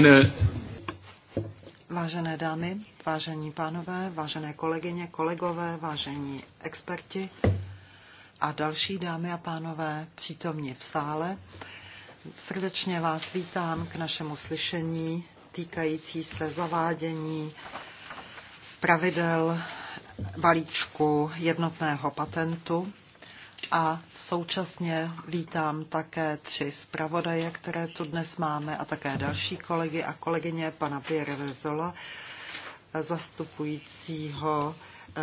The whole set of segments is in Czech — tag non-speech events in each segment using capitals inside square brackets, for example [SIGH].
eine Vážené dámy, vážení pánové, vážené kolegyně, kolegové, vážení experti a další dámy a pánové přítomní v sále, srdečně vás vítám k našemu slyšení týkající se zavádění pravidel balíčku jednotného patentu a současně vítám také tři zpravodaje, které tu dnes máme a také další kolegy a kolegyně pana Pierre Vezola, zastupujícího eh,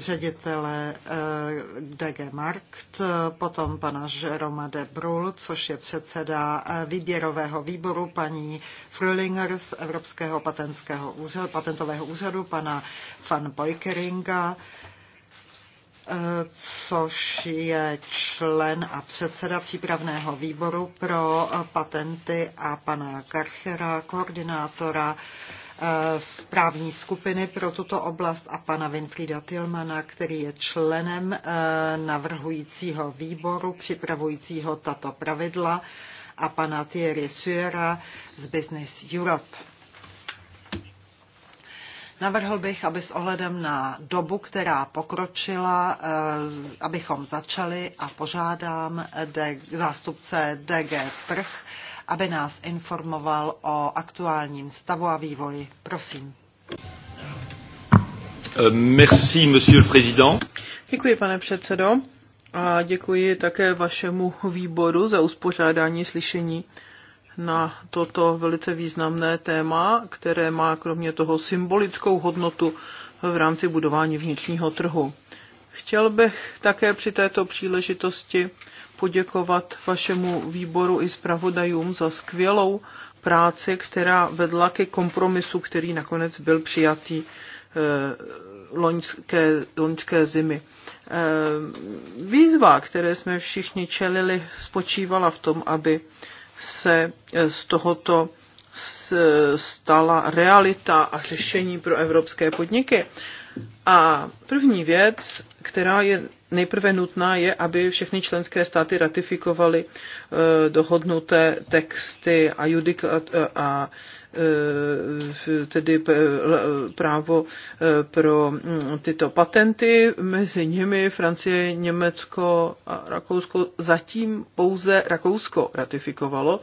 ředitele eh, DG Markt, potom pana Jeroma de Brul, což je předseda eh, výběrového výboru, paní Frölinger z Evropského patentského úřadu, patentového úřadu, pana van uh, Eh, což je člen a předseda přípravného výboru pro eh, patenty a pana Karchera, koordinátora eh, správní skupiny pro tuto oblast a pana Winfrieda Tilmana, který je členem navrhujícího výboru připravujícího tato pravidla a pana Thierry Suera z Business Europe. Navrhl bych, aby s ohledem na dobu, která pokročila, eh, abychom začali a požádám zástupce DG Trh, aby nás informoval o aktuálním stavu a vývoji. Prosím. Eh, merci, monsieur le président. Děkuji, pane předsedo. A děkuji také vašemu výboru za uspořádání slyšení na toto velice významné téma, které má kromě toho symbolickou hodnotu v rámci budování vnitřního trhu. Chtěl bych také při této příležitosti poděkovat vašemu výboru i zpravodajům za skvělou práci, která vedla ke kompromisu, který nakonec byl přijatý eh, loňské, loňské zimy. Eh, výzva, které jsme všichni čelili, spočívala v tom, aby se eh, z tohoto eh, stala realita a řešení pro evropské podniky. A první věc, která je nejprve nutná, je, aby všechny členské státy ratifikovaly eh, dohodnuté texty a, judikat, a Eh, tedy právo eh, pro mm, tyto patenty. Mezi nimi Francie, Německo a Rakousko zatím pouze Rakousko ratifikovalo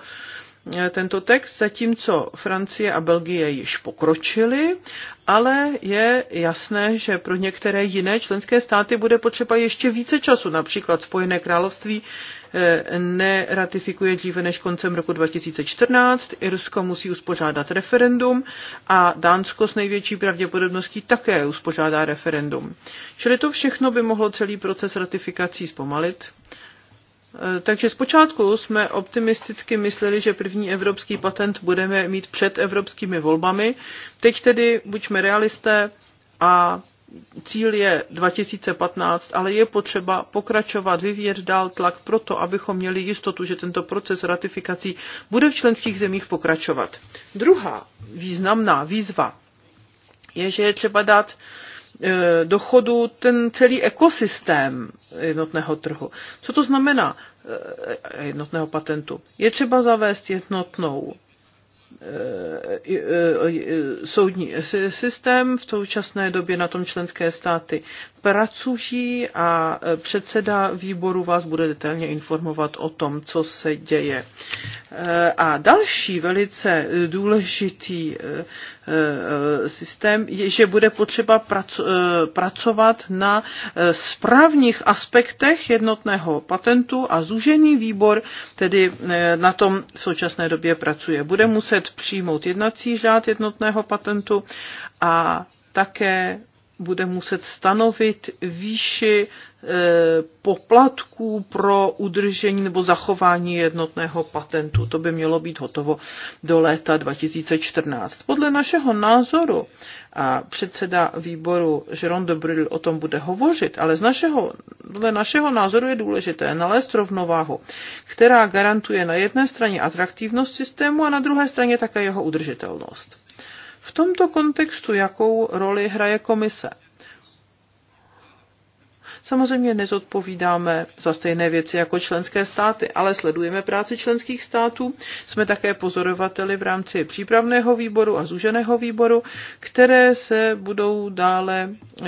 tento text, zatímco Francie a Belgie již pokročily, ale je jasné, že pro některé jiné členské státy bude potřeba ještě více času. Například Spojené království eh, neratifikuje dříve než koncem roku 2014, Irsko musí uspořádat referendum a Dánsko s největší pravděpodobností také uspořádá referendum. Čili to všechno by mohlo celý proces ratifikací zpomalit Eh, takže zpočátku jsme optimisticky mysleli, že první evropský patent budeme mít před evropskými volbami. Teď tedy buďme realisté a cíl je 2015, ale je potřeba pokračovat, vyvíjet dál tlak proto, abychom měli jistotu, že tento proces ratifikací bude v členských zemích pokračovat. Druhá významná výzva je, že je třeba dát E, dochodu ten celý ekosystém jednotného trhu. Co to znamená e, jednotného patentu? Je třeba zavést jednotnou e, soudní systém. V současné době na tom členské státy pracují a předseda výboru vás bude detailně informovat o tom, co se děje. A další velice důležitý eh, eh, systém je, že bude potřeba eh, pracovat na správních aspektech jednotného patentu a zúžený výbor tedy na tom v současné době pracuje. Bude muset přijmout jednací řád jednotného patentu a také bude muset stanovit výši eh, poplatků pro udržení nebo zachování jednotného patentu. To by mělo být hotovo do léta 2014. Podle našeho názoru, a předseda výboru de Dobril o tom bude hovořit, ale z našeho, podle našeho názoru je důležité nalézt rovnováhu, která garantuje na jedné straně atraktivnost systému a na druhé straně také jeho udržitelnost. V tomto kontextu jakou roli hraje komise? Samozřejmě nezodpovídáme za stejné věci jako členské státy, ale sledujeme práci členských států. Jsme také pozorovateli v rámci přípravného výboru a zúženého výboru, které se budou dále e,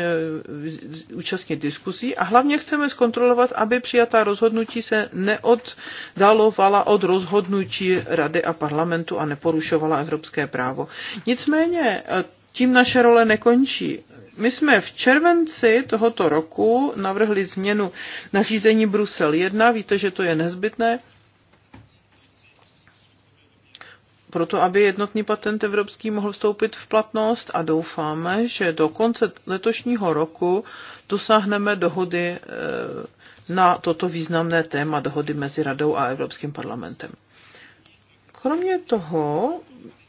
účastnit diskuzí a hlavně chceme zkontrolovat, aby přijatá rozhodnutí se neoddalovala od rozhodnutí Rady a parlamentu a neporušovala evropské právo. Nicméně e, tím naše role nekončí. My jsme v červenci tohoto roku navrhli změnu nařízení Brusel 1. Víte, že to je nezbytné proto, aby jednotný patent evropský mohl vstoupit v platnost a doufáme, že do konce letošního roku dosáhneme dohody eh, na toto významné téma dohody mezi Radou a Evropským parlamentem. Kromě toho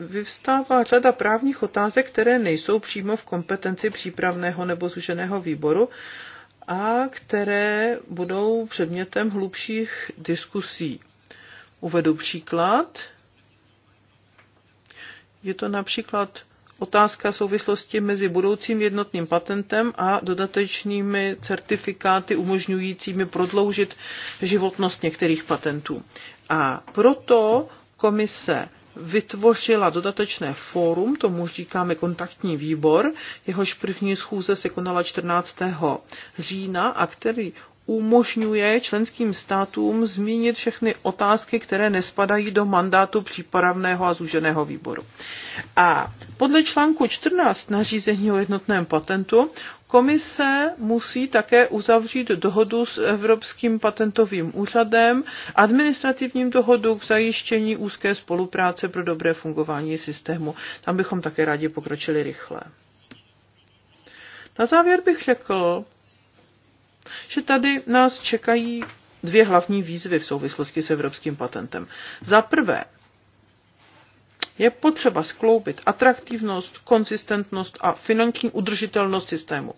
vyvstává řada právních otázek, které nejsou přímo v kompetenci přípravného nebo zuženého výboru a které budou předmětem hlubších diskusí. Uvedu příklad. Je to například otázka souvislosti mezi budoucím jednotným patentem a dodatečnými certifikáty umožňujícími prodloužit životnost některých patentů. A proto komise vytvořila dodatečné fórum, tomu říkáme kontaktní výbor, jehož první schůze se konala 14. října a který umožňuje členským státům zmínit všechny otázky, které nespadají do mandátu přípravného a zúženého výboru. A podle článku 14 nařízení o jednotném patentu Komise musí také uzavřít dohodu s Evropským patentovým úřadem, administrativním dohodu k zajištění úzké spolupráce pro dobré fungování systému. Tam bychom také rádi pokročili rychle. Na závěr bych řekl, že tady nás čekají dvě hlavní výzvy v souvislosti s evropským patentem. Za prvé, je potřeba skloubit atraktivnost, konzistentnost a finanční udržitelnost systému.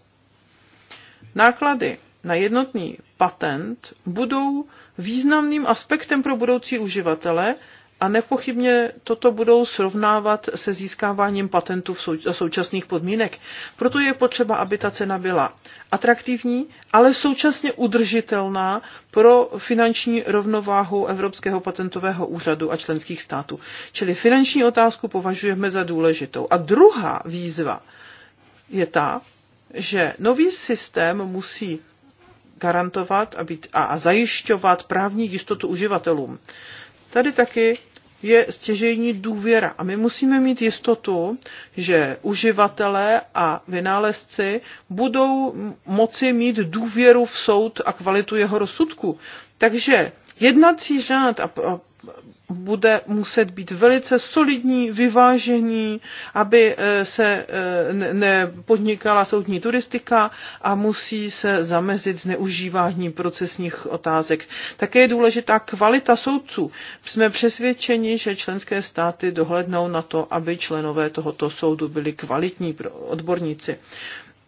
Náklady na jednotný patent budou významným aspektem pro budoucí uživatele a nepochybně toto budou srovnávat se získáváním patentů v sou, za současných podmínek. Proto je potřeba, aby ta cena byla atraktivní, ale současně udržitelná pro finanční rovnováhu Evropského patentového úřadu a členských států. Čili finanční otázku považujeme za důležitou. A druhá výzva je ta, že nový systém musí garantovat a, být, a zajišťovat právní jistotu uživatelům. Tady taky je stěžejní důvěra. A my musíme mít jistotu, že uživatelé a vynálezci budou moci mít důvěru v soud a kvalitu jeho rozsudku. Takže jednací řád a bude muset být velice solidní, vyvážení, aby eh, se eh, nepodnikala soudní turistika a musí se zamezit zneužívání procesních otázek. Také je důležitá kvalita soudců. Jsme přesvědčeni, že členské státy dohlednou na to, aby členové tohoto soudu byli kvalitní odborníci.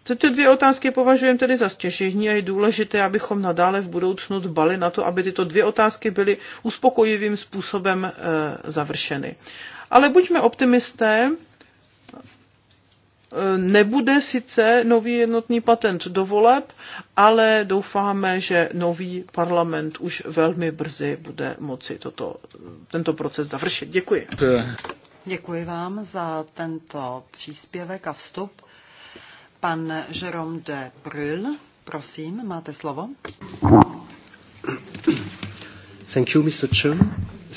Tyto dvě otázky považujeme tedy za stěžení a je důležité, abychom nadále v budoucnu dbali na to, aby tyto dvě otázky byly uspokojivým způsobem e, završeny. Ale buďme optimisté, eh, Nebude sice nový jednotný patent do voleb, ale doufáme, že nový parlament už velmi brzy bude moci toto, tento proces završit. Děkuji. Děkuji vám za tento příspěvek a vstup. Pan Jerome de Brûl, prosím, máte slovo. Thank you, Mr. Chair.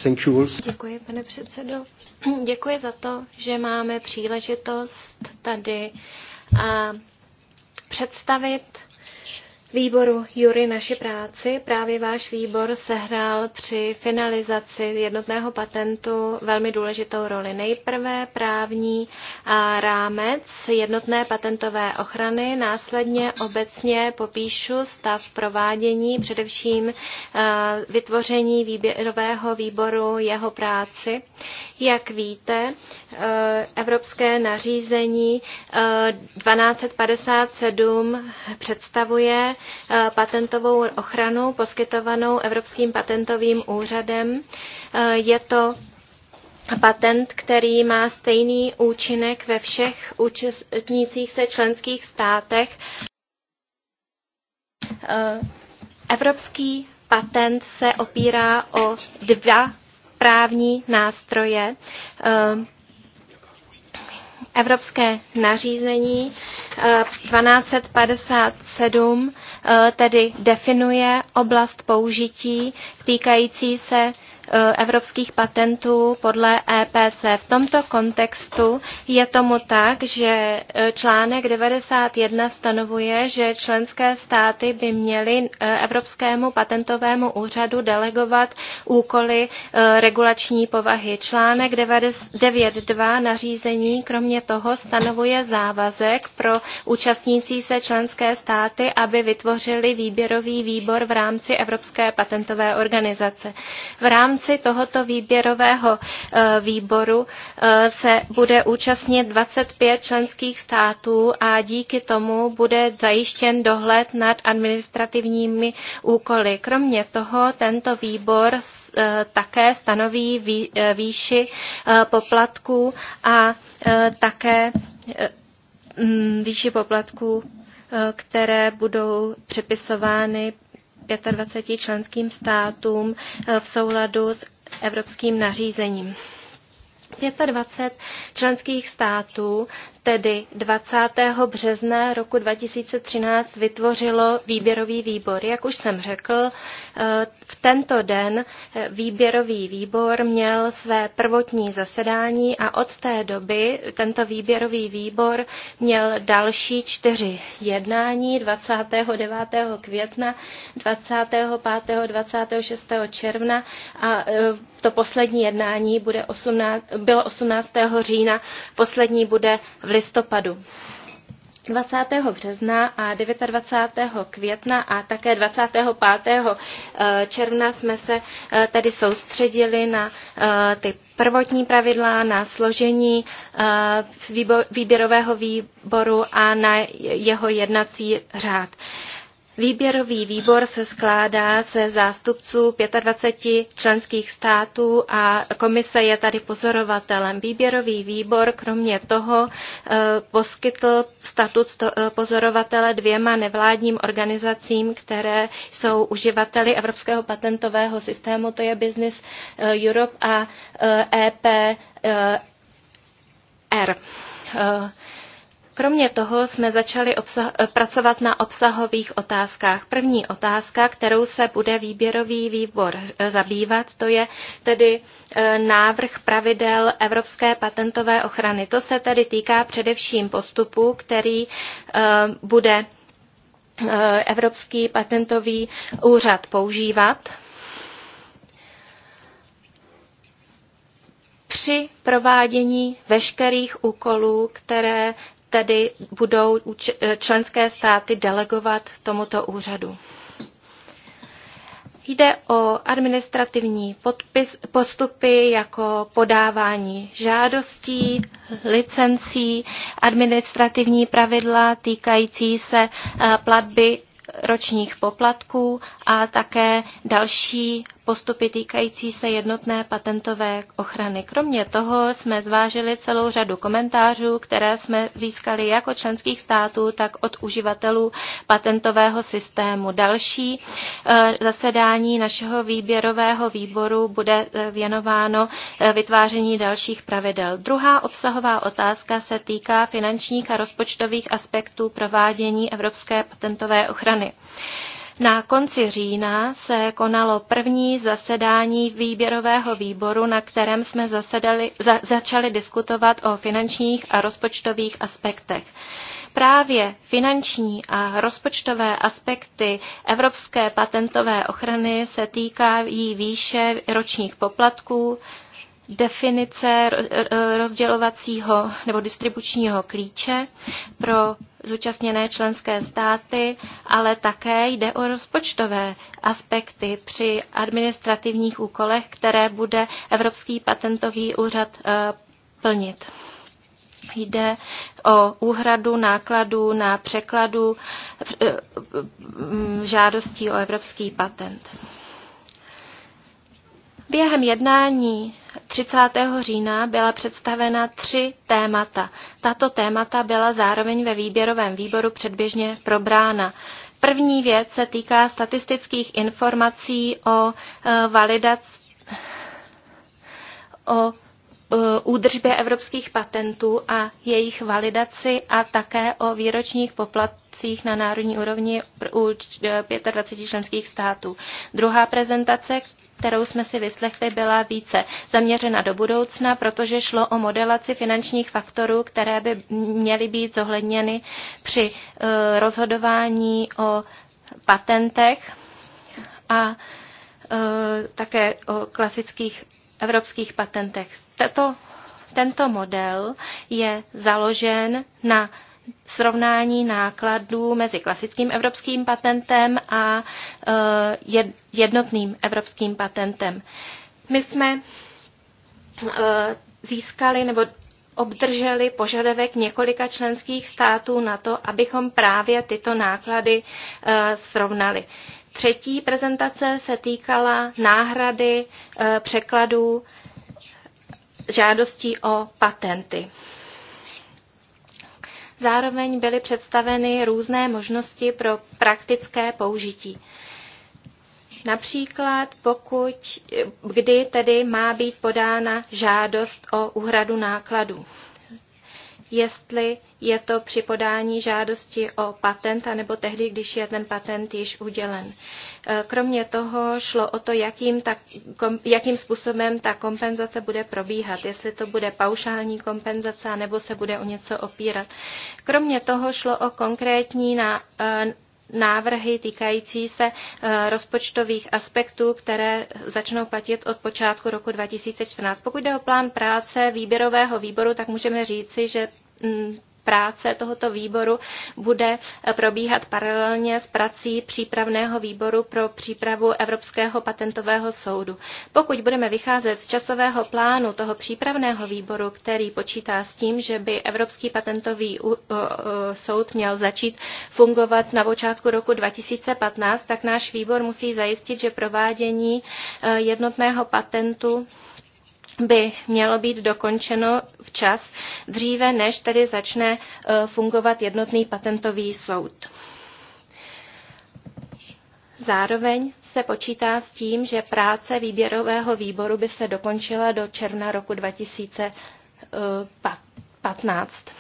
Thank you also. Děkuji, pane předsedo. [CLEARS THROAT] Děkuji za to, že máme příležitost tady a představit výboru Jury naši práci. Právě váš výbor sehrál při finalizaci jednotného patentu velmi důležitou roli. Nejprve právní rámec jednotné patentové ochrany, následně obecně popíšu stav provádění, především eh, vytvoření výběrového výboru jeho práci. Jak víte, eh, evropské nařízení 1257 eh, představuje Eh, patentovou ochranu poskytovanou Evropským patentovým úřadem. Eh, je to patent, který má stejný účinek ve všech účastnících se členských státech. Eh, Evropský patent se opírá o dva právní nástroje evropské nařízení 1257 eh, eh, tedy definuje oblast použití týkající se Eh, evropských patentů podle EPC. V tomto kontextu je tomu tak, že eh, článek 91 stanovuje, že členské státy by měly eh, Evropskému patentovému úřadu delegovat úkoly regulační povahy. Článek 9.2 nařízení kromě toho stanovuje závazek pro účastnící se členské státy, aby vytvořili výběrový výbor v rámci Evropské patentové organizace. V rámci konci tohoto výběrového eh, výboru eh, se bude účastnit 25 členských států a díky tomu bude zajištěn dohled nad administrativními úkoly. Kromě toho tento výbor eh, také stanoví výši poplatků a také výši poplatků, které budou přepisovány 25 členským státům eh, v souladu s evropským nařízením. 25 členských států tedy 20. března roku 2013 vytvořilo výběrový výbor. Jak už jsem řekl, eh, v tento den eh, výběrový výbor měl své prvotní zasedání a od té doby tento výběrový výbor měl další čtyři jednání 29. května, 25. 26. června a eh, to poslední jednání bude 18, bylo 18. října, poslední bude v listopadu. 20. března a 29. května a také 25. Eh, června jsme se eh, tedy soustředili na eh, ty prvotní pravidla, na složení výběrového výboru a na jeho jednací řád. Výběrový výbor se skládá ze zástupců 25 členských států a komise je tady pozorovatelem. Výběrový výbor kromě toho eh, poskytl statut eh, pozorovatele dvěma nevládním organizacím, které jsou uživateli Evropského patentového systému, to je Business eh, Europe a EPR. E Kromě toho jsme začali obsah, eh, pracovat na obsahových otázkách. První otázka, kterou se bude výběrový výbor eh, zabývat, to je tedy eh, návrh pravidel Evropské patentové ochrany. To se tedy týká především postupu, který bude Evropský patentový úřad používat při provádění veškerých úkolů, které tedy budou eh, členské státy delegovat tomuto úřadu. Jde o administrativní podpis, postupy jako podávání žádostí, licencí, administrativní pravidla týkající se eh, platby ročních poplatků a také další postupy týkající se jednotné patentové ochrany. Kromě toho jsme zvážili celou řadu komentářů, které jsme získali jak od členských států, tak od uživatelů patentového systému. Další eh, zasedání našeho výběrového výboru bude eh, věnováno eh, vytváření dalších pravidel. Druhá obsahová otázka se týká finančních a rozpočtových aspektů provádění Evropské patentové ochrany. Na konci října se konalo první zasedání výběrového výboru, na kterém jsme zasedali, za, začali diskutovat o finančních a rozpočtových aspektech. Právě finanční a rozpočtové aspekty evropské patentové ochrany se týkají výše ročních poplatků, definice eh, eh, rozdělovacího nebo distribučního klíče pro zúčastněné členské státy, ale také jde o rozpočtové aspekty při administrativních úkolech, které bude Evropský patentový úřad eh, plnit. Jde o úhradu nákladů na překladu eh, žádostí o evropský patent. Během jednání 30. října byla představena tři témata. Tato témata byla zároveň ve výběrovém výboru předběžně probrána. První věc se týká statistických informací o e, validaci o e, údržbě evropských patentů a jejich validaci a také o výročních poplatcích na národní úrovni u 25 e, členských států. Druhá prezentace kterou jsme si vyslechli, byla více zaměřena do budoucna, protože šlo o modelaci finančních faktorů, které by měly být zohledněny při eh, rozhodování o patentech a eh, také o klasických evropských patentech. tento model je založen na srovnání nákladů mezi klasickým evropským patentem a eh, jednotným evropským patentem. My jsme eh, získali nebo obdrželi požadavek několika členských států na to, abychom právě tyto náklady eh, srovnali. Třetí prezentace se týkala náhrady překladů žádostí o patenty. Zároveň byly představeny různé možnosti pro praktické použití. Například pokud, kdy tedy má být podána žádost o úhradu nákladů jestli je to při podání žádosti o patent, anebo tehdy, když je ten patent již udělen. E, kromě toho šlo o to, jakým, ta, kom, jakým způsobem ta kompenzace bude probíhat, jestli to bude paušální kompenzace, nebo se bude o něco opírat. Kromě toho šlo o konkrétní na, e, návrhy týkající se eh, rozpočtových aspektů, které začnou platit od počátku roku 2014. Pokud jde o plán práce výběrového výboru, tak můžeme říci, že mm, práce tohoto výboru bude probíhat paralelně s prací přípravného výboru pro přípravu Evropského patentového soudu. Pokud budeme vycházet z časového plánu toho přípravného výboru, který počítá s tím, že by Evropský patentový soud měl začít fungovat na počátku roku 2015, tak náš výbor musí zajistit, že provádění eh, jednotného patentu by mělo být dokončeno včas, dříve než tedy začne e, fungovat jednotný patentový soud. Zároveň se počítá s tím, že práce výběrového výboru by se dokončila do června roku 2015. E,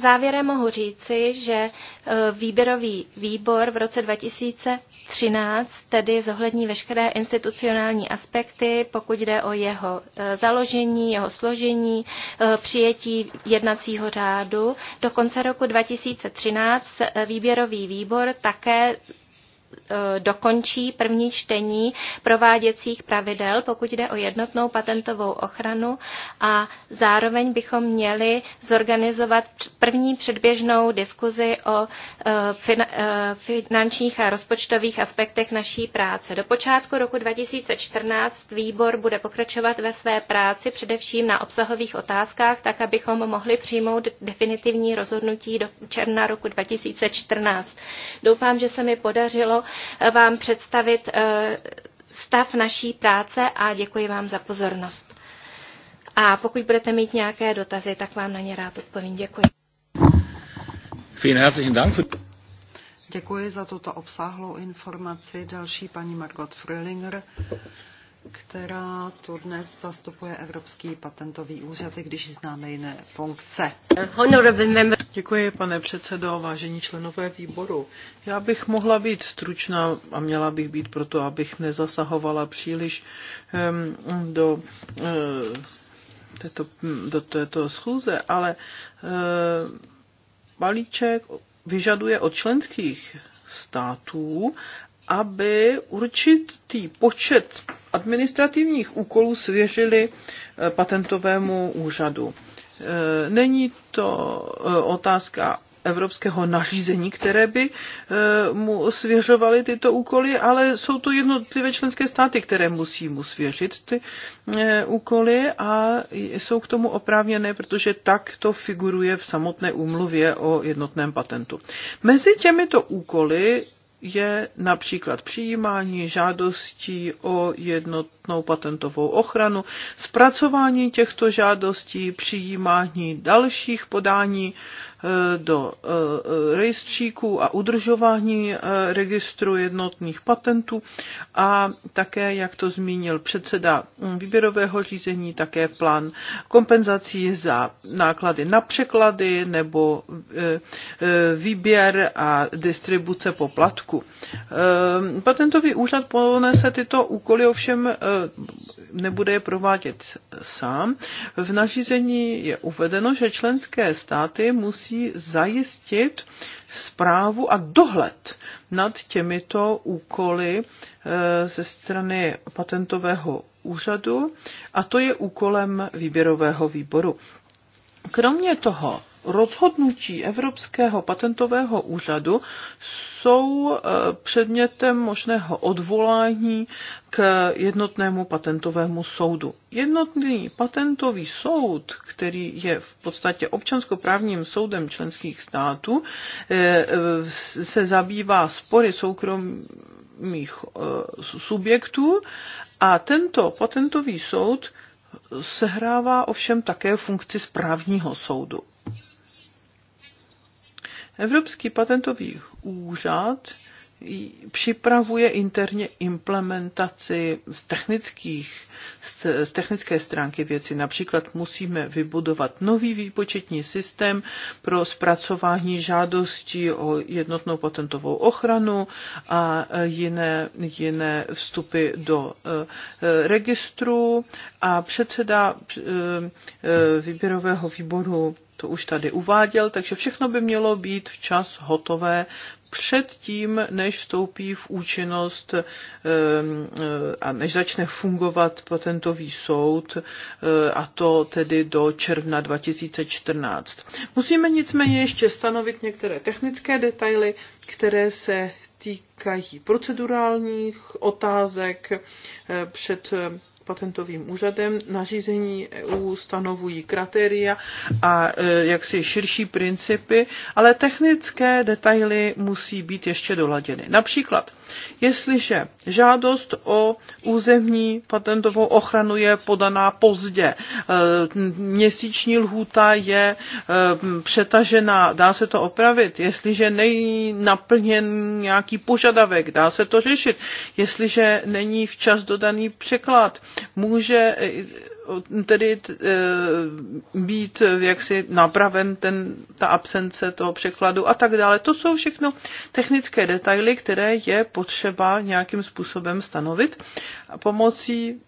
Závěrem mohu říci, že e, výběrový výbor v roce 2000 13 tedy zohlední veškeré institucionální aspekty, pokud jde o jeho e, založení, jeho složení, e, přijetí jednacího řádu. Do konce roku 2013 e, výběrový výbor také E, dokončí první čtení prováděcích pravidel, pokud jde o jednotnou patentovou ochranu a zároveň bychom měli zorganizovat první předběžnou diskuzi o e, e, finančních a rozpočtových aspektech naší práce. Do počátku roku 2014 výbor bude pokračovat ve své práci především na obsahových otázkách, tak abychom mohli přijmout definitivní rozhodnutí do června roku 2014. Doufám, že se mi podařilo vám představit eh, stav naší práce a děkuji vám za pozornost. A pokud budete mít nějaké dotazy, tak vám na ně rád odpovím. Děkuji. Děkuji za tuto obsáhlou informaci. Další paní Margot Frölinger která tu dnes zastupuje Evropský patentový úřad, i když známe jiné funkce. Děkuji, pane předsedo, vážení členové výboru. Já bych mohla být stručná a měla bych být proto, abych nezasahovala příliš um, do uh, této, do této schůze, ale uh, balíček vyžaduje od členských států, aby určitý počet administrativních úkolů svěřili eh, patentovému úřadu. Eh, není to eh, otázka evropského nařízení, které by mu svěřovaly tyto úkoly, ale jsou to jednotlivé členské státy, které musí mu svěřit ty úkoly a jsou k tomu oprávněné, protože tak to figuruje v samotné úmluvě o jednotném patentu. Mezi těmito úkoly je například přijímání žádostí o jednotnou patentovou ochranu, zpracování těchto žádostí, přijímání dalších podání do eh, rejstříků a udržování eh, registru jednotných patentů a také, jak to zmínil předseda výběrového řízení, také plán kompenzací za náklady na překlady nebo eh, výběr a distribuce poplatku. Patentový úřad ponese tyto úkoly, ovšem nebude je provádět sám. V nařízení je uvedeno, že členské státy musí musí zajistit zprávu a dohled nad těmito úkoly eh, ze strany patentového úřadu a to je úkolem výběrového výboru. Kromě toho rozhodnutí Evropského patentového úřadu jsou eh, předmětem možného odvolání k jednotnému patentovému soudu. Jednotný patentový soud, který je v podstatě občanskoprávním soudem členských států, eh, eh, se zabývá spory soukromých subjektů a tento patentový soud sehrává ovšem také funkci správního soudu. Evropský patentový úřad připravuje interně implementaci z, technických, z, z technické stránky věci. Například musíme vybudovat nový výpočetní systém pro zpracování žádostí o jednotnou patentovou ochranu a jiné, jiné vstupy do eh, eh, registru a předseda e, výběrového výboru to už tady uváděl, takže všechno by mělo být včas hotové předtím, než vstoupí v účinnost eh, eh, a než začne fungovat patentový soud, eh, a to tedy do června 2014. Musíme nicméně ještě stanovit některé technické detaily, které se týkají procedurálních otázek před patentovým úřadem. Nařízení EU stanovují kritéria a e, jaksi širší principy, ale technické detaily musí být ještě doladěny. Například Jestliže žádost o územní patentovou ochranu je podaná pozdě, eh, měsíční lhůta je eh, přetažená, dá se to opravit. Jestliže není naplněn nějaký požadavek, dá se to řešit. Jestliže není včas dodaný překlad, může eh, tedy e, být eh, jaksi napraven ten, ta absence toho překladu a tak dále. To jsou všechno technické detaily, které je potřeba nějakým způsobem stanovit a pomocí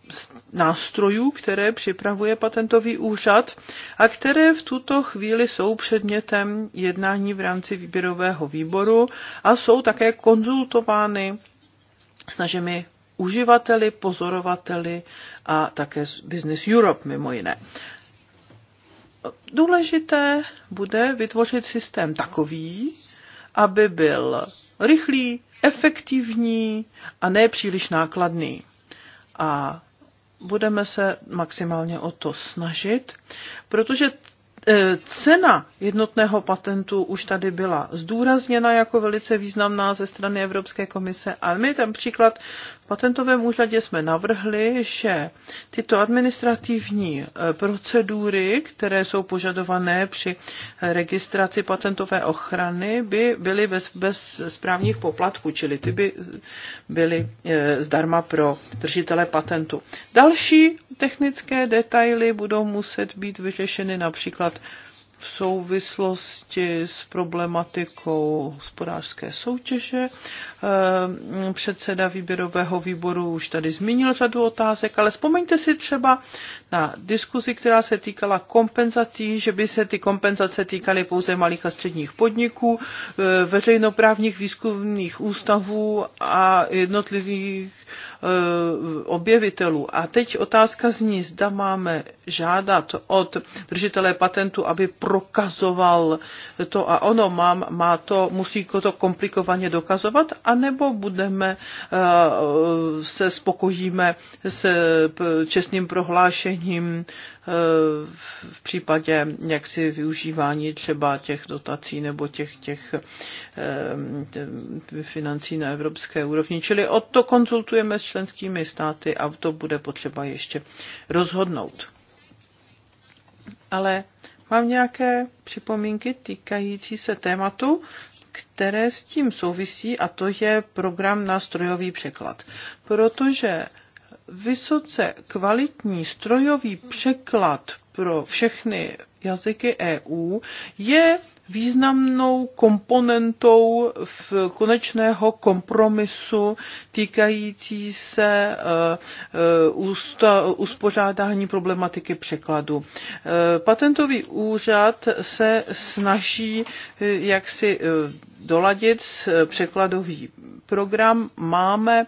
nástrojů, které připravuje patentový úřad a které v tuto chvíli jsou předmětem jednání v rámci výběrového výboru a jsou také konzultovány s našimi uživateli, pozorovateli a také z Business Europe mimo jiné. Důležité bude vytvořit systém takový, aby byl rychlý, efektivní a nepříliš nákladný. A budeme se maximálně o to snažit, protože Eh, cena jednotného patentu už tady byla zdůrazněna jako velice významná ze strany Evropské komise a my tam příklad v patentovém úřadě jsme navrhli, že tyto administrativní eh, procedury, které jsou požadované při eh, registraci patentové ochrany, by byly bez, bez správních poplatků, čili ty by byly zdarma pro držitele patentu. Další technické detaily budou muset být vyřešeny například například v souvislosti s problematikou hospodářské soutěže. Eh, předseda výběrového výboru už tady zmínil řadu otázek, ale vzpomeňte si třeba na diskuzi, která se týkala kompenzací, že by se ty kompenzace týkaly pouze malých a středních podniků, eh, veřejnoprávních výzkumných ústavů a jednotlivých eh, objevitelů. A teď otázka zní, zda máme žádat od držitele patentu, aby prokazoval to a ono, má, má to, musí to komplikovaně dokazovat, anebo budeme eh, se spokojíme s čestným prohlášením eh, v případě jaksi využívání třeba těch dotací nebo těch, těch eh, financí na evropské úrovni. Čili o to konzultujeme s členskými státy a to bude potřeba ještě rozhodnout ale mám nějaké připomínky týkající se tématu, které s tím souvisí, a to je program na strojový překlad. Protože vysoce kvalitní strojový překlad pro všechny jazyky EU je významnou komponentou v konečného kompromisu týkající se eh, eh, uspořádání problematiky překladu. Eh, patentový úřad se snaží jak si doladit překladový program. Máme,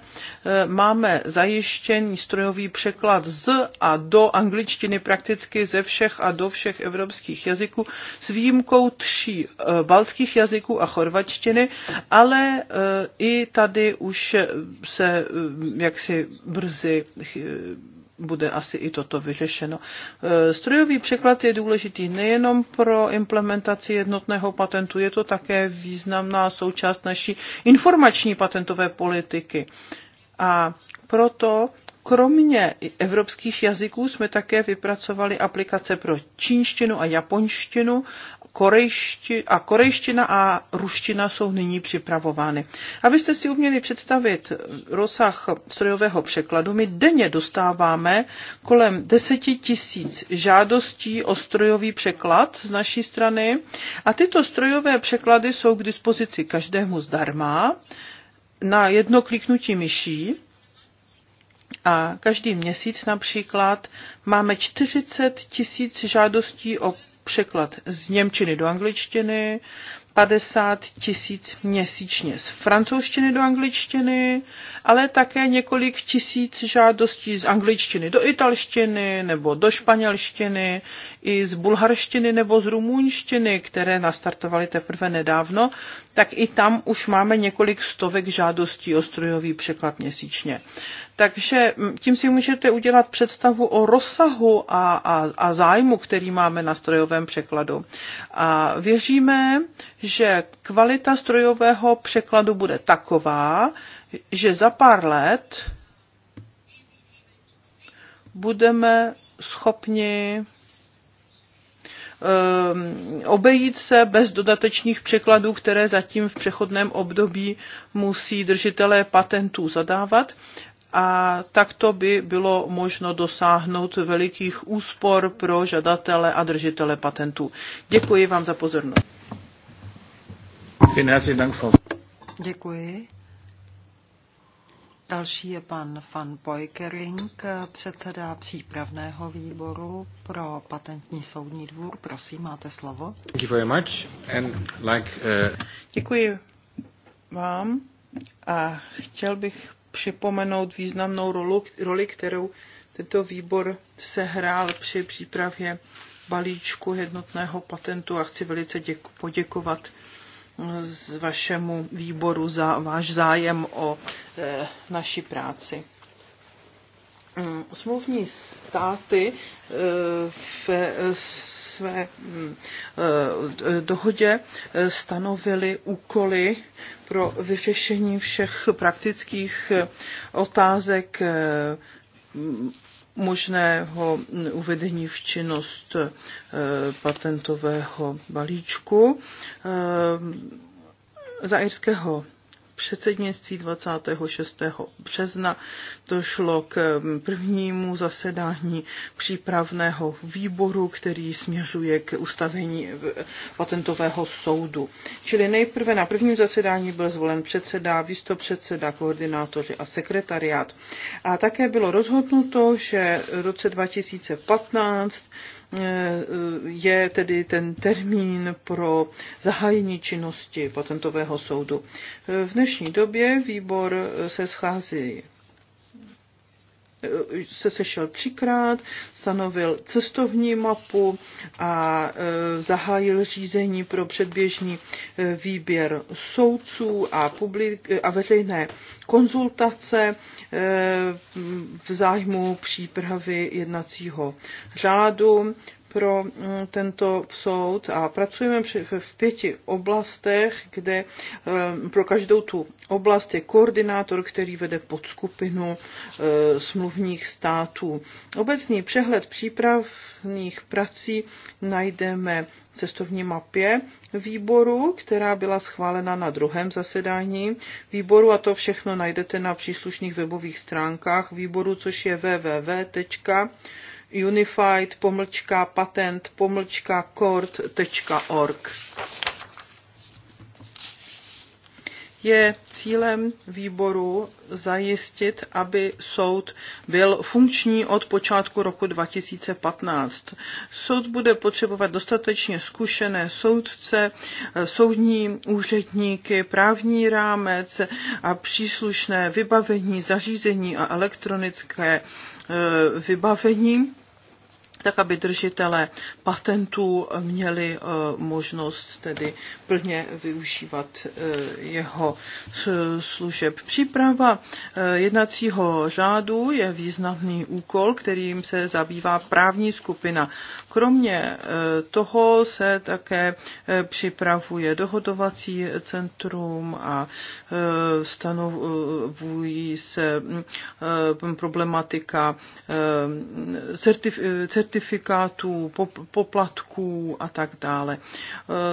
máme zajištěný strojový překlad z a do angličtiny prakticky ze všech a do všech evropských jazyků s výjimkou tří učí eh, baltských jazyků a chorvačtiny, ale eh, i tady už se eh, jaksi brzy bude asi i toto vyřešeno. Strojový překlad je důležitý nejenom pro implementaci jednotného patentu, je to také významná součást naší informační patentové politiky. A proto Kromě evropských jazyků jsme také vypracovali aplikace pro čínštinu a japonštinu, korejšti, a korejština a ruština jsou nyní připravovány. Abyste si uměli představit rozsah strojového překladu, my denně dostáváme kolem 10 tisíc žádostí o strojový překlad z naší strany a tyto strojové překlady jsou k dispozici každému zdarma na jedno kliknutí myší a každý měsíc například máme 40 tisíc žádostí o překlad z Němčiny do angličtiny, 50 tisíc měsíčně z francouzštiny do angličtiny, ale také několik tisíc žádostí z angličtiny do italštiny nebo do španělštiny, i z bulharštiny nebo z rumunštiny, které nastartovaly teprve nedávno, tak i tam už máme několik stovek žádostí o strojový překlad měsíčně. Takže mm, tím si můžete udělat představu o rozsahu a, a, a zájmu, který máme na strojovém překladu. A věříme, že kvalita strojového překladu bude taková, že za pár let budeme schopni ehm, obejít se bez dodatečných překladů, které zatím v přechodném období musí držitelé patentů zadávat a takto by bylo možno dosáhnout velikých úspor pro žadatele a držitele patentů. Děkuji vám za pozornost. Děkuji. Další je pan Van Poikering, předseda přípravného výboru pro patentní soudní dvůr. Prosím, máte slovo. Uh, Děkuji vám a chtěl bych připomenout významnou rolu, roli, kterou tento výbor sehrál při přípravě balíčku jednotného patentu a chci velice děku, poděkovat mm, z vašemu výboru za váš zájem o e, naši práci. Mm, smluvní státy eh, ve eh, své mm, eh, dohodě stanovily úkoly pro vyřešení všech praktických otázek mm, možného uvedení v činnost patentového balíčku. Za irského předsednictví 26. března došlo k mm, prvnímu zasedání přípravného výboru, který směřuje k ustavení eh, patentového soudu. Čili nejprve na prvním zasedání byl zvolen předseda, vystopředseda, koordinátoři a sekretariát. A také bylo rozhodnuto, že v roce 2015 Eh, je tedy ten termín pro zahájení činnosti patentového soudu. Eh, v dnešní době výbor eh, se schází se sešel třikrát, stanovil cestovní mapu a e, zahájil řízení pro předběžný e, výběr soudců a, publik, e, a veřejné konzultace v zájmu přípravy jednacího řádu pro mm, tento soud a pracujeme v pěti oblastech, kde eh, pro každou tu oblast je koordinátor, který vede podskupinu eh, smluvních států. Obecný přehled přípravných prací najdeme v cestovní mapě výboru, která byla schválena na druhém zasedání výboru a to všechno najdete na příslušných webových stránkách výboru, což je www unified pomlčka patent pomlčka court.org. Je cílem výboru zajistit, aby soud byl funkční od počátku roku 2015. Soud bude potřebovat dostatečně zkušené soudce, soudní úředníky, právní rámec a příslušné vybavení, zařízení a elektronické Eh, vybavením tak aby držitelé patentů eh, měli eh, možnost tedy plně využívat eh, jeho služeb. Příprava jednacího řádu je významný úkol, kterým se zabývá právní skupina. Kromě toho se také připravuje dohodovací centrum a stanovují se mm, problematika certifikace certifikátů, poplatků a tak dále.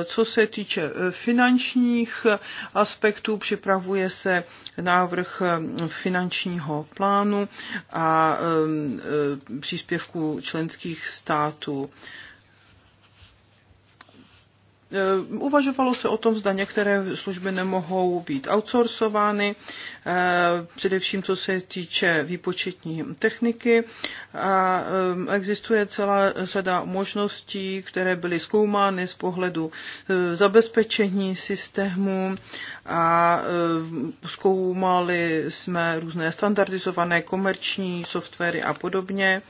E, co se týče e, finančních aspektů, připravuje se návrh e, finančního plánu a příspěvků členských států. Eh, uvažovalo se o tom, zda některé služby nemohou být outsourcovány, eh, především co se týče výpočetní techniky. A eh, existuje celá řada možností, které byly zkoumány z pohledu zabezpečení systému a zkoumali jsme různé standardizované komerční softwary a podobně.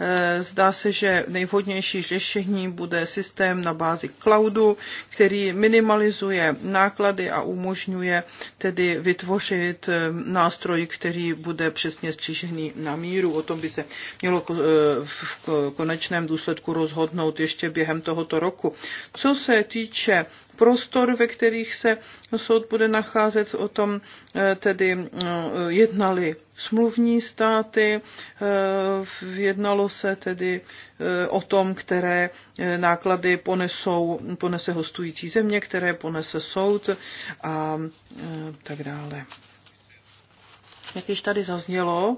Eh, zdá se, že nejvhodnější řešení bude systém na bázi cloudu, který minimalizuje náklady a umožňuje tedy vytvořit eh, nástroj, který bude přesně střížený na míru. O tom by se mělo eh, v konečném důsledku rozhodnout ještě během tohoto roku. Co se týče prostor, ve kterých se soud bude nacházet, o tom tedy jednali smluvní státy. Eh, jednalo se tedy eh, o tom, které eh, náklady ponesou, ponese hostující země, které ponese soud a tak dále. Jak již tady zaznělo,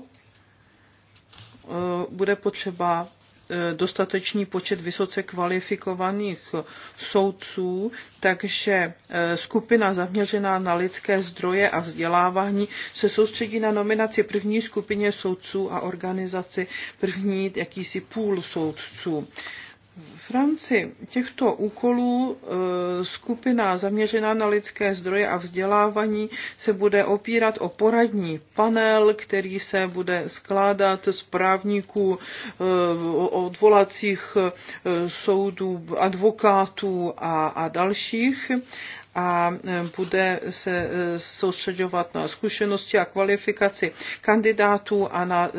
bude potřeba E, dostatečný počet vysoce kvalifikovaných soudců, takže e, skupina zaměřená na lidské zdroje a vzdělávání se soustředí na nominaci první skupině soudců a organizaci první jakýsi půl soudců. V rámci těchto úkolů e, skupina zaměřená na lidské zdroje a vzdělávání se bude opírat o poradní panel, který se bude skládat z právníků, e, odvolacích e, soudů, advokátů a, a dalších a e, bude se e, soustředovat na zkušenosti a kvalifikaci kandidátů a na e,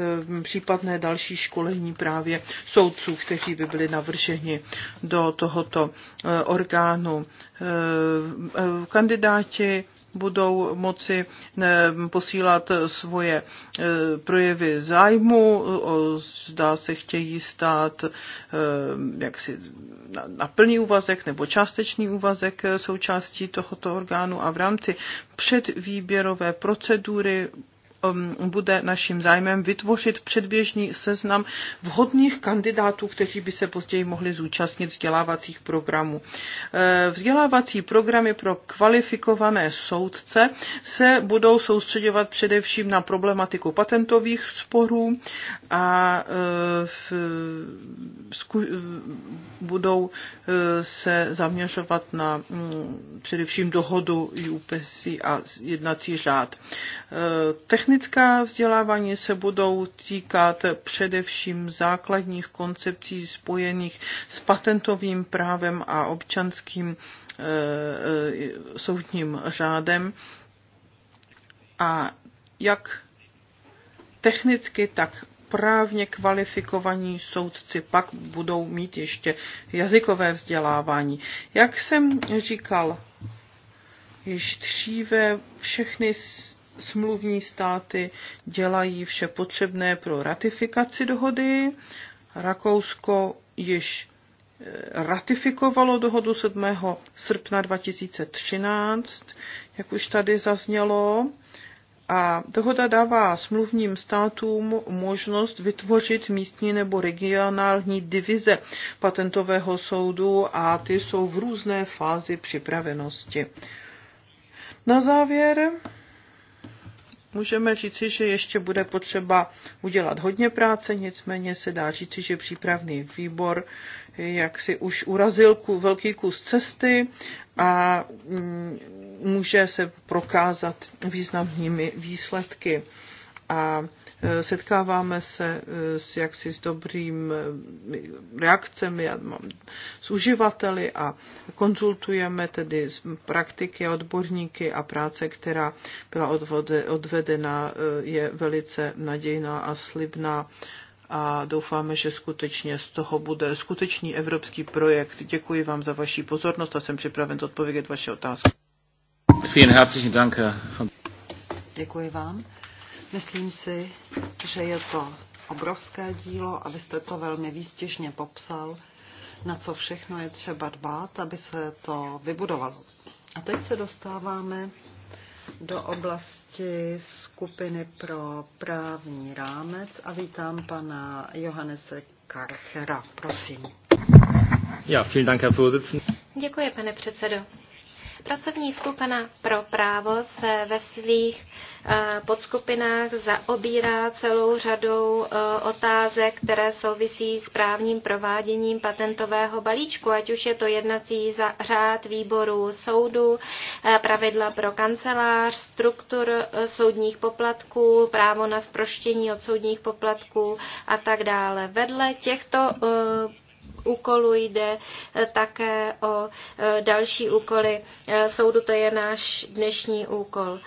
případné další školení právě soudců, kteří by byli navrženi do tohoto orgánu. Kandidáti budou moci posílat svoje e, projevy zájmu, zdá se chtějí stát e, jaksi na plný úvazek nebo částečný úvazek e, součástí tohoto orgánu a v rámci předvýběrové procedury Um, bude naším zájmem vytvořit předběžný seznam vhodných kandidátů, kteří by se později mohli zúčastnit vzdělávacích programů. Eh, vzdělávací programy pro kvalifikované soudce se budou soustředovat především na problematiku patentových sporů a eh, budou eh, se zaměřovat na mm, především dohodu UPC a jednací řád. Techn Technická vzdělávání se budou týkat především základních koncepcí spojených s patentovým právem a občanským e, soudním řádem. A jak technicky, tak právně kvalifikovaní soudci pak budou mít ještě jazykové vzdělávání. Jak jsem říkal, již dříve všechny smluvní státy dělají vše potřebné pro ratifikaci dohody. Rakousko již eh, ratifikovalo dohodu 7. srpna 2013, jak už tady zaznělo. A dohoda dává smluvním státům možnost vytvořit místní nebo regionální divize patentového soudu a ty jsou v různé fázi připravenosti. Na závěr Můžeme říci, že ještě bude potřeba udělat hodně práce, nicméně se dá říci, že přípravný výbor jak si už urazil velký kus cesty a mm, může se prokázat významnými výsledky a e, setkáváme se e, s jaksi s dobrým e, reakcemi a s uživateli a konzultujeme tedy z praktiky, odborníky a práce, která byla odvedena, je velice nadějná a slibná a doufáme, že skutečně z toho bude skutečný evropský projekt. Děkuji vám za vaši pozornost a jsem připraven odpovědět vaše otázky. Vielen herzlichen Dank. Děkuji vám. Myslím si, že je to obrovské dílo a vy jste to velmi výstěžně popsal, na co všechno je třeba dbát, aby se to vybudovalo. A teď se dostáváme do oblasti skupiny pro právní rámec a vítám pana Johannese Karchera. Prosím. Ja, vielen Dank, Herr Vorsitzender. Děkuji, pane předsedo. Pracovní skupina pro právo se ve svých eh, podskupinách zaobírá celou řadou eh, otázek, které souvisí s právním prováděním patentového balíčku, ať už je to jednací řád výboru soudu, eh, pravidla pro kancelář, struktur soudních poplatků, právo na sproštění od soudních poplatků a tak dále. Vedle těchto úkolů jde eh, také o eh, další úkoly eh, soudu, to je náš dnešní úkol.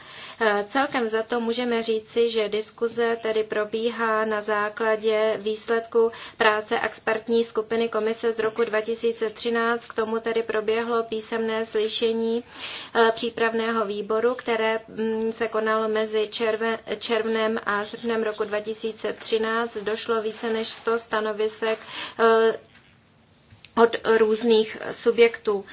Celkem za to můžeme říci, že diskuze tedy probíhá na základě výsledku práce expertní skupiny komise z roku 2013. K tomu tedy proběhlo písemné slyšení přípravného výboru, které mm, se konalo mezi červnem a srpnem roku 2013. Došlo více než 100 stanovisek od různých subjektů.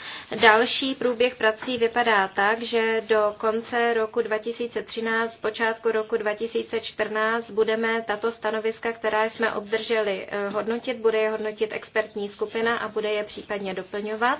Další průběh prací vypadá tak, že do konce roku 2013, počátku roku 2014 budeme tato stanoviska, která jsme obdrželi, eh, hodnotit. Bude je hodnotit expertní skupina a bude je případně doplňovat.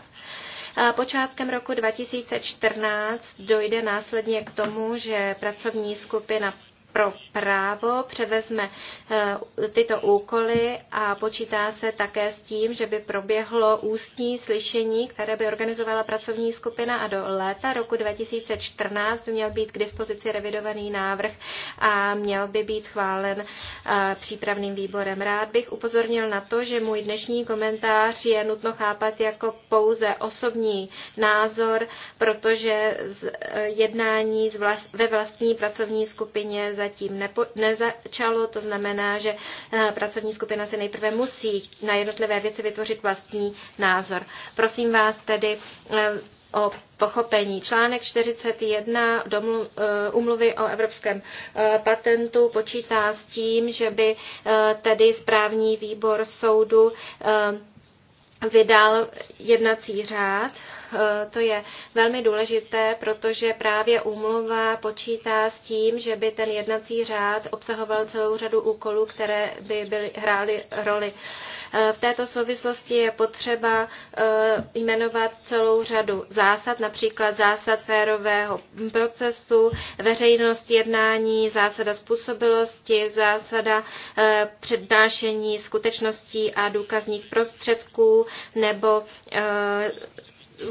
Počátkem roku 2014 dojde následně k tomu, že pracovní skupina pro právo převezme eh, tyto úkoly a počítá se také s tím, že by proběhlo ústní slyšení, které by organizovala pracovní skupina a do léta roku 2014 by měl být k dispozici revidovaný návrh a měl by být schválen eh, přípravným výborem. Rád bych upozornil na to, že můj dnešní komentář je nutno chápat jako pouze osobní názor, protože eh, jednání ve vlastní pracovní skupině za zatím nepo, nezačalo. To znamená, že eh, pracovní skupina se nejprve musí na jednotlivé věci vytvořit vlastní názor. Prosím vás tedy eh, o pochopení. Článek 41 eh, umluvy o evropském patentu počítá s tím, že by tedy správní výbor soudu vydal jednací řád Eh, to je velmi důležité, protože právě úmluva počítá s tím, že by ten jednací řád obsahoval celou řadu úkolů, které by byly, hrály roli. Eh, v této souvislosti je potřeba eh, jmenovat celou řadu zásad, například zásad férového procesu, veřejnost jednání, zásada způsobilosti, zásada přednášení skutečností a důkazních prostředků nebo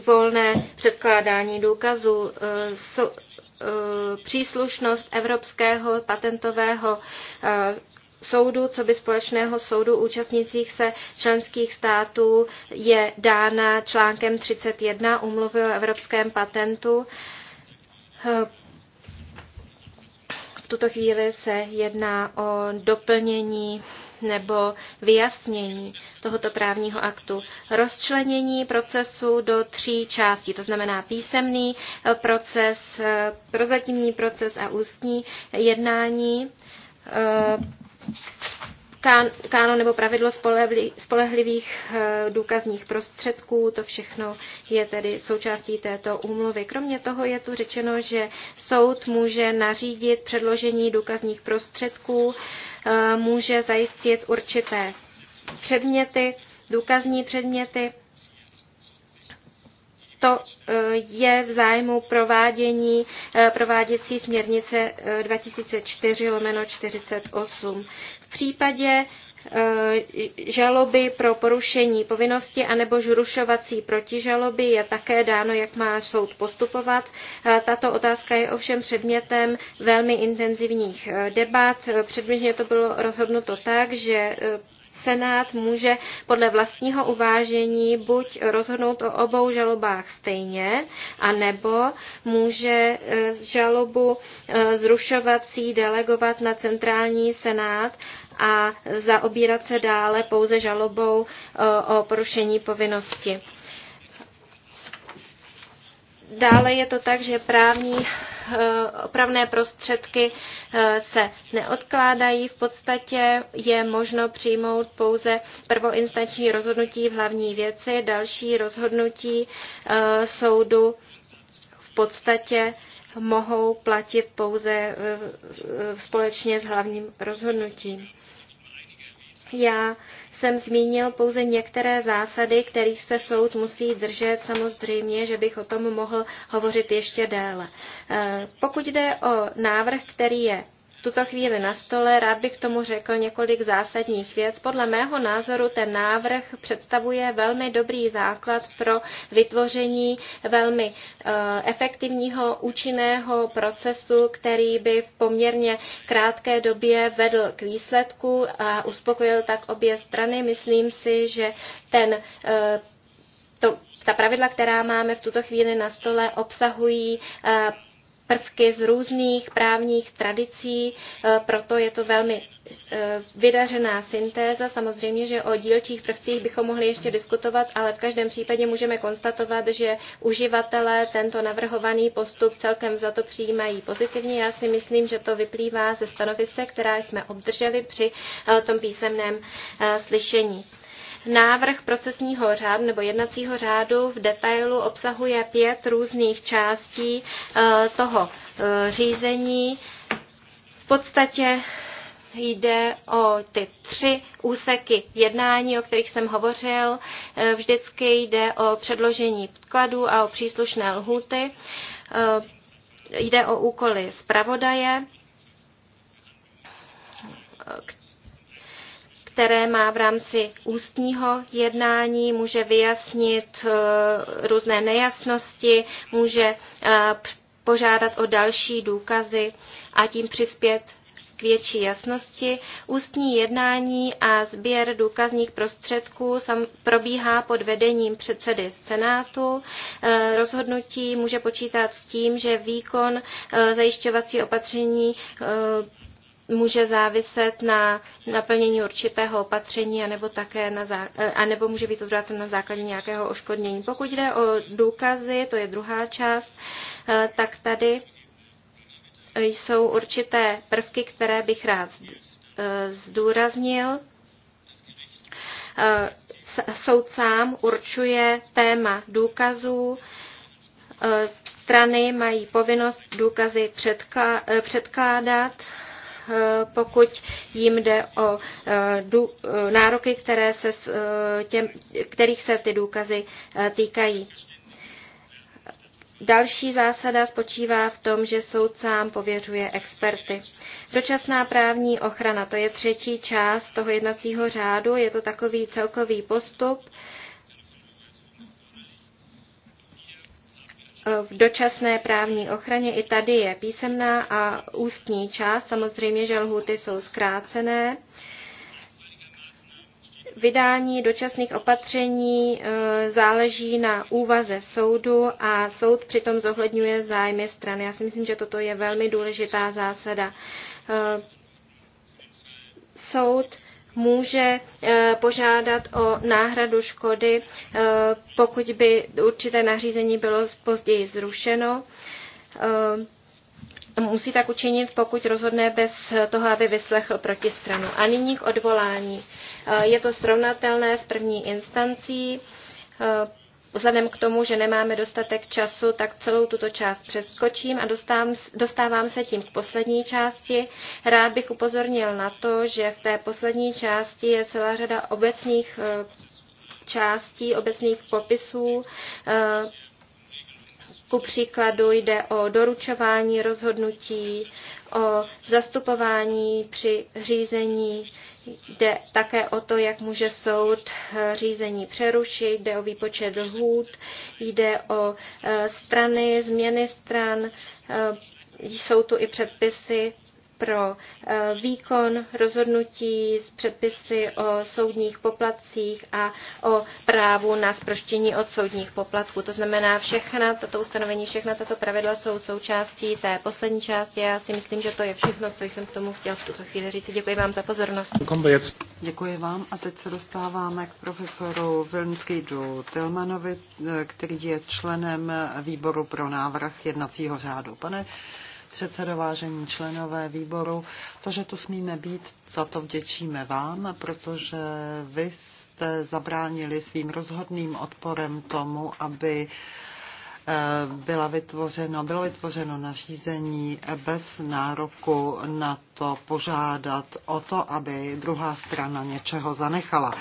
volné předkládání důkazů, eh, eh, příslušnost Evropského patentového eh, soudu, co by společného soudu účastnících se členských států je dána článkem 31 umluvy o evropském patentu. V tuto chvíli se jedná o doplnění nebo vyjasnění tohoto právního aktu. Rozčlenění procesu do tří částí, to znamená písemný eh, proces, eh, prozatímní proces a ústní jednání eh, káno nebo pravidlo spolehlivých důkazních prostředků, to všechno je tedy součástí této úmluvy. Kromě toho je tu řečeno, že soud může nařídit předložení důkazních prostředků Eh, může zajistit určité předměty, důkazní předměty. To eh, je v zájmu provádění eh, prováděcí směrnice 2004 48. V případě Eh, žaloby pro porušení povinnosti anebo žrušovací protižaloby je také dáno, jak má soud postupovat. Eh, tato otázka je ovšem předmětem velmi intenzivních eh, debat. Předběžně to bylo rozhodnuto tak, že Senát může podle vlastního uvážení buď rozhodnout o obou žalobách stejně, anebo může e, žalobu e, zrušovací delegovat na centrální senát a zaobírat se dále pouze žalobou e, o porušení povinnosti. Dále je to tak, že právní eh, opravné prostředky eh, se neodkládají. V podstatě je možno přijmout pouze prvoinstanční rozhodnutí v hlavní věci. Další rozhodnutí eh, soudu v podstatě mohou platit pouze společně s hlavním rozhodnutím. Já jsem zmínil pouze některé zásady, kterých se soud musí držet. Samozřejmě, že bych o tom mohl hovořit ještě déle. Eh, pokud jde o návrh, který je tuto chvíli na stole, rád bych k tomu řekl několik zásadních věc. Podle mého názoru ten návrh představuje velmi dobrý základ pro vytvoření velmi eh, efektivního, účinného procesu, který by v poměrně krátké době vedl k výsledku a uspokojil tak obě strany. Myslím si, že ten eh, to, ta pravidla, která máme v tuto chvíli na stole, obsahují eh, prvky z různých právních tradicí, e, proto je to velmi e, vydařená syntéza. Samozřejmě, že o dílčích prvcích bychom mohli ještě diskutovat, ale v každém případě můžeme konstatovat, že uživatelé tento navrhovaný postup celkem za to přijímají pozitivně. Já si myslím, že to vyplývá ze stanovisek, která jsme obdrželi při e, tom písemném slyšení. Návrh procesního řádu nebo jednacího řádu v detailu obsahuje pět různých částí eh, toho eh, řízení. V podstatě jde o ty tři úseky jednání, o kterých jsem hovořil. Eh, vždycky jde o předložení podkladů a o příslušné lhuty. Jde o úkoly zpravodaje, které má v rámci ústního jednání, může vyjasnit eh, různé nejasnosti, může eh, požádat o další důkazy a tím přispět k větší jasnosti. Ústní jednání a sběr důkazních prostředků probíhá pod vedením předsedy Senátu. Eh, rozhodnutí může počítat s tím, že výkon zajišťovací opatření může záviset na naplnění určitého opatření anebo, také na zá, eh, anebo může být odvrácen na základě nějakého oškodnění. Pokud jde o důkazy, to je druhá část, eh, tak tady jsou určité prvky, které bych rád eh, zdůraznil. Soud sám určuje téma důkazů, strany mají povinnost důkazy předkládat Eh, pokud jim jde o eh, eh, nároky, které se, těm, kterých se ty důkazy týkají. Další zásada spočívá v tom, že soud sám pověřuje experty. Dočasná právní ochrana, to je třetí část toho jednacího řádu, je to takový celkový postup, v dočasné právní ochraně. I tady je písemná a ústní část. Samozřejmě, že lhuty jsou zkrácené. Vydání dočasných opatření e, záleží na úvaze soudu a soud přitom zohledňuje zájmy strany. Já si myslím, že toto je velmi důležitá zásada. E, soud může eh, požádat o náhradu škody, eh, pokud by určité nařízení bylo později zrušeno. Eh, musí tak učinit, pokud rozhodne bez toho, aby vyslechl protistranu. A nyní k odvolání. Je to srovnatelné s první instancí Vzhledem k tomu, že nemáme dostatek času, tak celou tuto část přeskočím a dostávám, dostávám se tím k poslední části. Rád bych upozornil na to, že v té poslední části je celá řada obecných eh, částí, obecných popisů. Eh, ku příkladu jde o doručování rozhodnutí, o zastupování při řízení Jde také o to, jak může soud eh, řízení přerušit, jde o výpočet lhůt, jde o eh, strany, změny stran, eh, jsou tu i předpisy pro eh, výkon rozhodnutí z předpisy o soudních poplatcích a o právu na sproštění od soudních poplatků. To znamená, všechna tato ustanovení, všechna tato pravidla jsou součástí té poslední části. Já si myslím, že to je všechno, co jsem k tomu chtěl v tuto chvíli říct. Děkuji vám za pozornost. Děkuji vám a teď se dostáváme k profesoru Wilmfriedu Tilmanovi, eh, který je členem výboru pro návrh jednacího řádu. Pane předsedo, vážení členové výboru. To, že tu smíme být, za to vděčíme vám, protože vy jste zabránili svým rozhodným odporem tomu, aby eh, byla vytvořeno, bylo vytvořeno nařízení bez nároku na to požádat o to, aby druhá strana něčeho zanechala.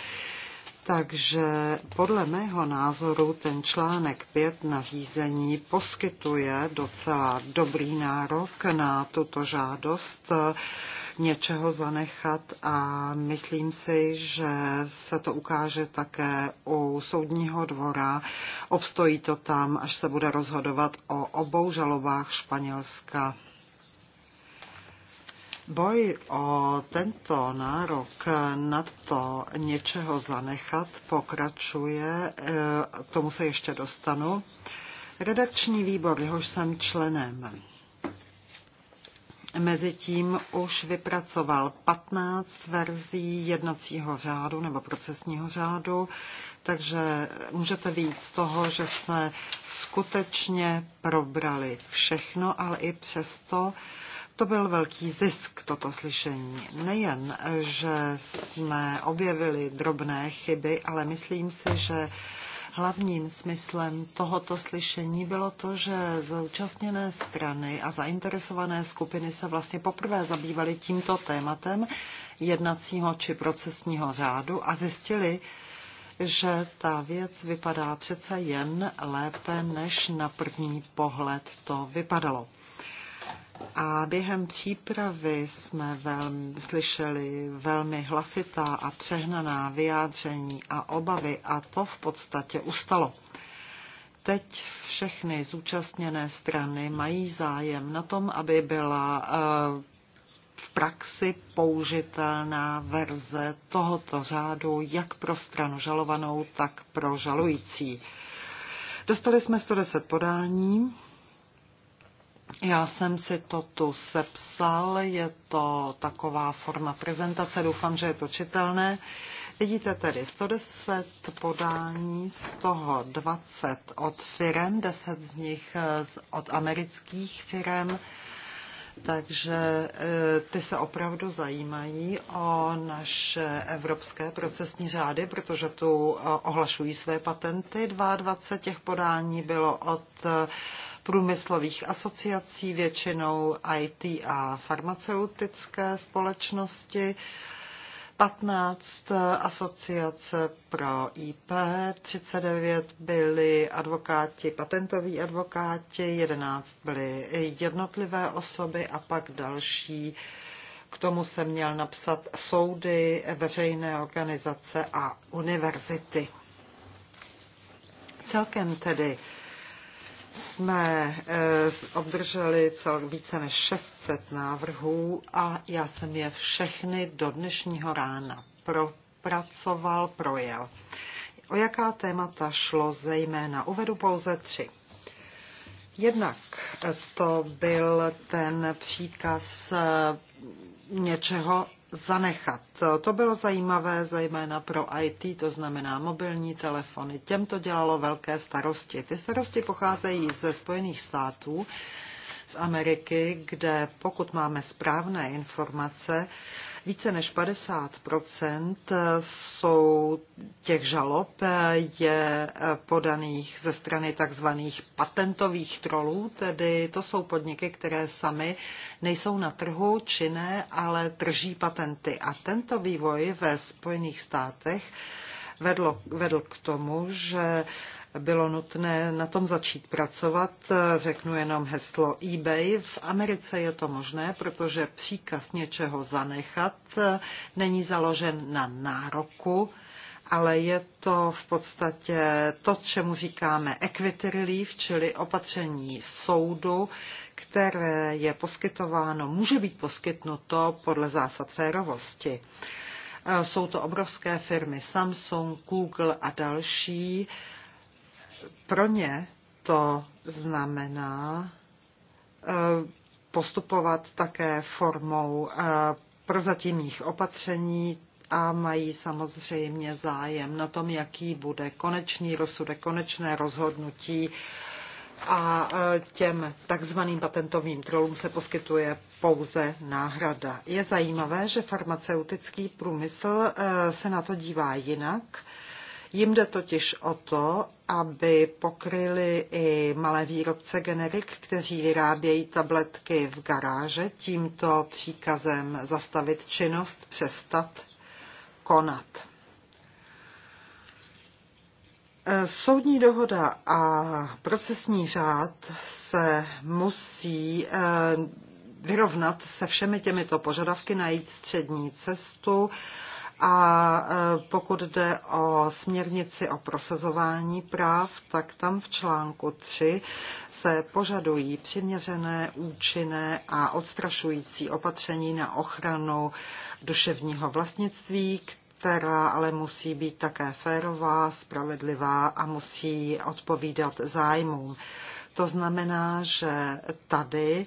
Takže podle mého názoru ten článek 5 nařízení poskytuje docela dobrý nárok na tuto žádost něčeho zanechat a myslím si, že se to ukáže také u soudního dvora. Obstojí to tam, až se bude rozhodovat o obou žalobách Španělska Boj o tento nárok na to něčeho zanechat pokračuje, k eh, tomu se ještě dostanu. Redakční výbor, jehož jsem členem, Mezitím už vypracoval 15 verzí jednacího řádu nebo procesního řádu, takže můžete víc z toho, že jsme skutečně probrali všechno, ale i přesto to byl velký zisk, toto slyšení. Nejen, že jsme objevili drobné chyby, ale myslím si, že hlavním smyslem tohoto slyšení bylo to, že zúčastněné strany a zainteresované skupiny se vlastně poprvé zabývaly tímto tématem jednacího či procesního řádu a zjistili, že ta věc vypadá přece jen lépe, než na první pohled to vypadalo. A během přípravy jsme velmi, slyšeli velmi hlasitá a přehnaná vyjádření a obavy a to v podstatě ustalo. Teď všechny zúčastněné strany mají zájem na tom, aby byla eh, v praxi použitelná verze tohoto řádu jak pro stranu žalovanou, tak pro žalující. Dostali jsme 110 podání já jsem si to tu sepsal, je to taková forma prezentace, doufám, že je to čitelné. Vidíte tedy 110 podání, z toho 20 od firem, 10 z nich eh, od amerických firem, takže eh, ty se opravdu zajímají o naše evropské procesní řády, protože tu eh, ohlašují své patenty. 22 těch podání bylo od průmyslových asociací, většinou IT a farmaceutické společnosti. 15 asociace pro IP, 39 byli advokáti, patentoví advokáti, 11 byly jednotlivé osoby a pak další. K tomu se měl napsat soudy, veřejné organizace a univerzity. Celkem tedy jsme eh, obdrželi cel více než 600 návrhů a já jsem je všechny do dnešního rána propracoval, projel. O jaká témata šlo zejména? Uvedu pouze tři. Jednak to byl ten příkaz eh, něčeho, zanechat. To bylo zajímavé, zejména pro IT, to znamená mobilní telefony. Těm to dělalo velké starosti. Ty starosti pocházejí ze Spojených států, z Ameriky, kde pokud máme správné informace, více než 50 jsou těch žalob je eh, podaných ze strany takzvaných patentových trolů, tedy to jsou podniky, které sami nejsou na trhu činné, ale drží patenty. A tento vývoj ve Spojených státech vedlo, vedl k tomu, že bylo nutné na tom začít pracovat. Řeknu jenom heslo eBay. V Americe je to možné, protože příkaz něčeho zanechat není založen na nároku, ale je to v podstatě to, čemu říkáme equity relief, čili opatření soudu, které je poskytováno, může být poskytnuto podle zásad férovosti. Jsou to obrovské firmy Samsung, Google a další, pro ně to znamená eh, postupovat také formou eh, prozatímních opatření a mají samozřejmě zájem na tom, jaký bude konečný rozsudek, konečné rozhodnutí a eh, těm takzvaným patentovým trolům se poskytuje pouze náhrada. Je zajímavé, že farmaceutický průmysl se na to dívá jinak Jim jde totiž o to, aby pokryli i malé výrobce generik, kteří vyrábějí tabletky v garáže, tímto příkazem zastavit činnost, přestat konat. Soudní dohoda a procesní řád se musí eh, vyrovnat se všemi těmito požadavky, najít střední cestu a e, pokud jde o směrnici o prosazování práv, tak tam v článku 3 se požadují přiměřené, účinné a odstrašující opatření na ochranu duševního vlastnictví, která ale musí být také férová, spravedlivá a musí odpovídat zájmům. To znamená, že tady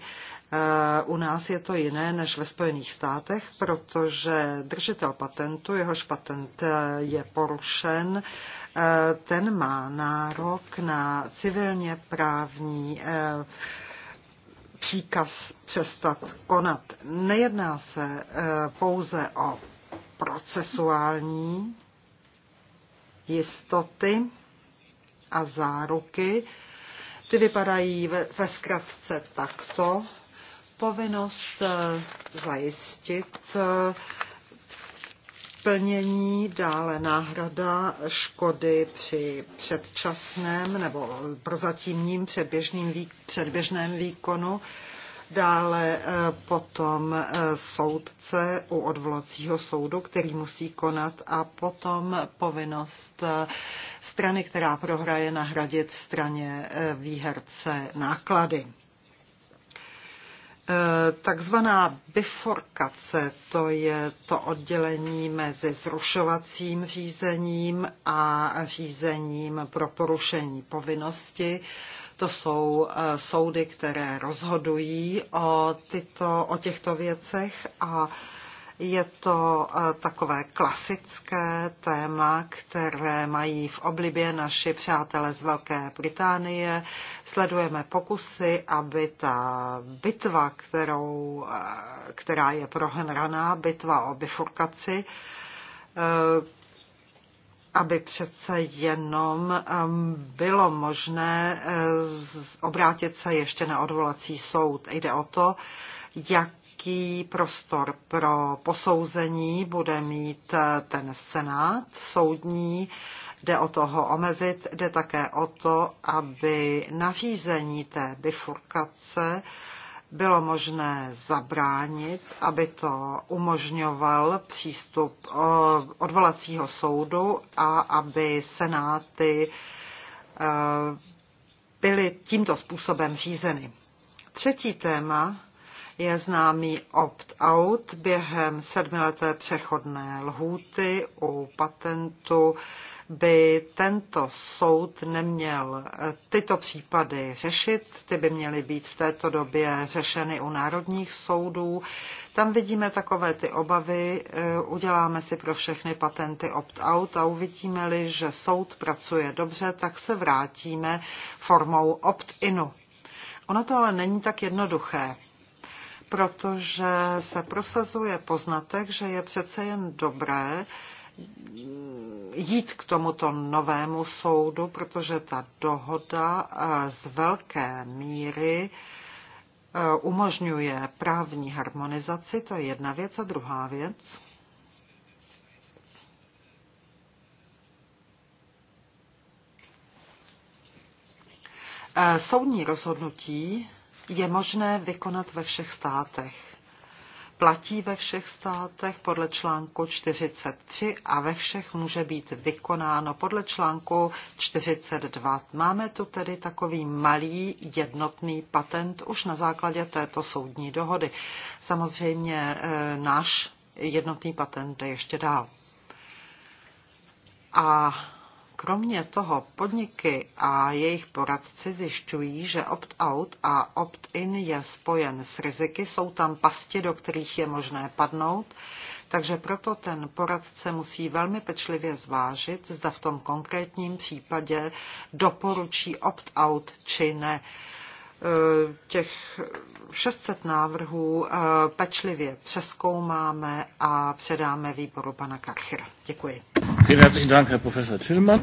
Eh, u nás je to jiné než ve Spojených státech, protože držitel patentu, jehož patent eh, je porušen, eh, ten má nárok na civilně právní příkaz přestat konat. Nejedná se pouze o procesuální jistoty a záruky. Ty vypadají ve, zkratce takto povinnost eh, zajistit eh, plnění, dále náhrada škody při předčasném nebo prozatímním předběžným, předběžném výkonu, dále eh, potom soudce u odvolacího soudu, který musí konat a potom povinnost strany, která prohraje, nahradit straně výherce náklady. Eh, takzvaná biforkace, to je to oddělení mezi zrušovacím řízením a řízením pro porušení povinnosti. To jsou eh, soudy, které rozhodují o, tyto, o těchto věcech a je to eh, takové klasické téma, které mají v oblibě naši přátelé z Velké Británie. Sledujeme pokusy, aby ta bitva, kterou, eh, která je prohraná, bitva o bifurkaci, eh, aby přece jenom bylo možné obrátit se ještě na odvolací soud. Jde o to, jak jaký prostor pro posouzení bude mít eh, ten senát soudní. Jde o toho omezit, jde také o to, aby nařízení té bifurkace bylo možné zabránit, aby to umožňoval přístup eh, odvolacího soudu a aby senáty eh, byly tímto způsobem řízeny. Třetí téma je známý opt-out během sedmileté přechodné lhůty u patentu by tento soud neměl eh, tyto případy řešit, ty by měly být v této době řešeny u národních soudů. Tam vidíme takové ty obavy, eh, uděláme si pro všechny patenty opt-out a uvidíme-li, že soud pracuje dobře, tak se vrátíme formou opt-inu. Ono to ale není tak jednoduché protože se prosazuje poznatek, že je přece jen dobré jít k tomuto novému soudu, protože ta dohoda eh, z velké míry eh, umožňuje právní harmonizaci, to je jedna věc. A druhá věc, eh, soudní rozhodnutí je možné vykonat ve všech státech. Platí ve všech státech podle článku 43 a ve všech může být vykonáno podle článku 42. Máme tu tedy takový malý jednotný patent už na základě této soudní dohody. Samozřejmě eh, náš jednotný patent jde ještě dál. A Kromě toho podniky a jejich poradci zjišťují, že opt-out a opt-in je spojen s riziky, jsou tam pasti, do kterých je možné padnout, takže proto ten poradce musí velmi pečlivě zvážit, zda v tom konkrétním případě doporučí opt-out či ne těch 600 návrhů eh, pečlivě přeskoumáme a předáme výboru pana Karchira. Děkuji.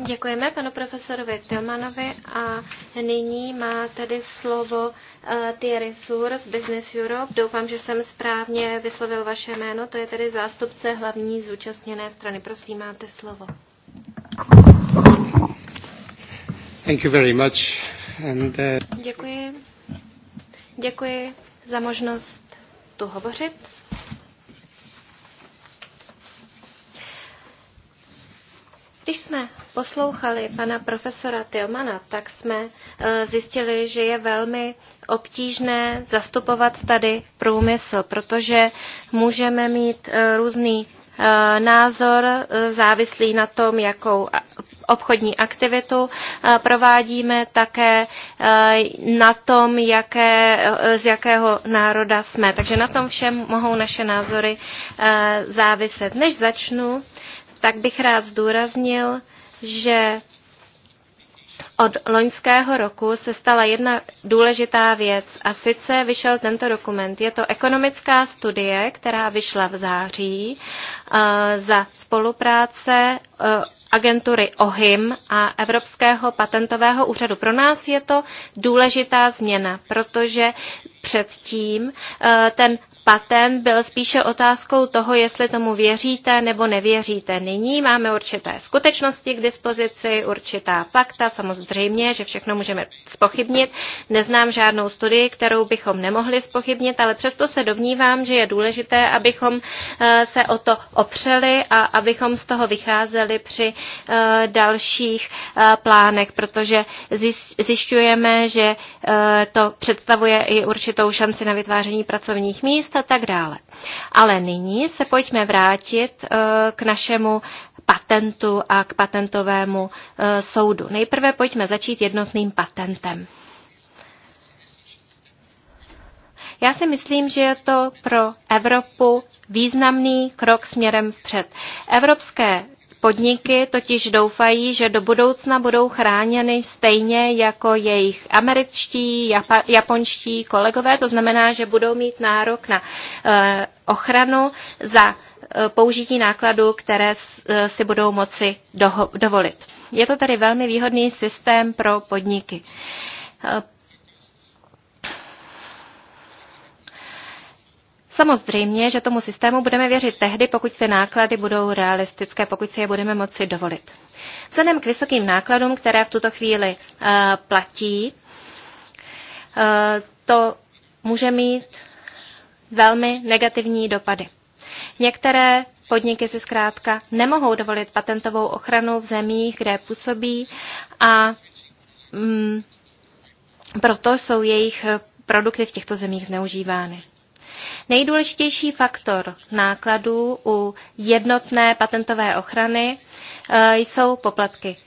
Děkujeme panu profesorovi Tilmanovi a nyní má tady slovo eh, Thierry Sur z Business Europe. Doufám, že jsem správně vyslovil vaše jméno. To je tedy zástupce hlavní zúčastněné strany. Prosím, máte slovo. Thank you very much. Eh, Děkuji. Děkuji za možnost tu hovořit. Když jsme poslouchali pana profesora Tilmana, tak jsme eh, zjistili, že je velmi obtížné zastupovat tady průmysl, protože můžeme mít eh, různý názor závislý na tom, jakou obchodní aktivitu. Eh, provádíme také eh, na tom, jaké, eh, z jakého národa jsme. Takže na tom všem mohou naše názory záviset. Než začnu, tak bych rád zdůraznil, že od loňského roku se stala jedna důležitá věc a sice vyšel tento dokument. Je to ekonomická studie, která vyšla v září eh, za spolupráce eh, agentury OHIM a Evropského patentového úřadu. Pro nás je to důležitá změna, protože předtím eh, ten patent byl spíše otázkou toho, jestli tomu věříte nebo nevěříte. Nyní máme určité skutečnosti k dispozici, určitá fakta, samozřejmě, že všechno můžeme spochybnit. Neznám žádnou studii, kterou bychom nemohli spochybnit, ale přesto se domnívám, že je důležité, abychom eh, se o to opřeli a abychom z toho vycházeli při eh, dalších eh, plánech, protože zjišťujeme, že to představuje i určitou šanci na vytváření pracovních míst, a tak dále. Ale nyní se pojďme vrátit eh, k našemu patentu a k patentovému eh, soudu. Nejprve pojďme začít jednotným patentem. Já si myslím, že je to pro Evropu významný krok směrem vpřed. Evropské Podniky totiž doufají, že do budoucna budou chráněny stejně jako jejich američtí, japa, japonští kolegové. To znamená, že budou mít nárok na eh, ochranu za eh, použití nákladů, které eh, si budou moci doho, dovolit. Je to tedy velmi výhodný systém pro podniky. Samozřejmě, že tomu systému budeme věřit tehdy, pokud se náklady budou realistické, pokud si je budeme moci dovolit. Vzhledem k vysokým nákladům, které v tuto chvíli uh, platí, uh, to může mít velmi negativní dopady. Některé podniky si zkrátka nemohou dovolit patentovou ochranu v zemích, kde působí a mm, proto jsou jejich produkty v těchto zemích zneužívány. Nejdůležitější faktor nákladů u jednotné patentové ochrany e, jsou poplatky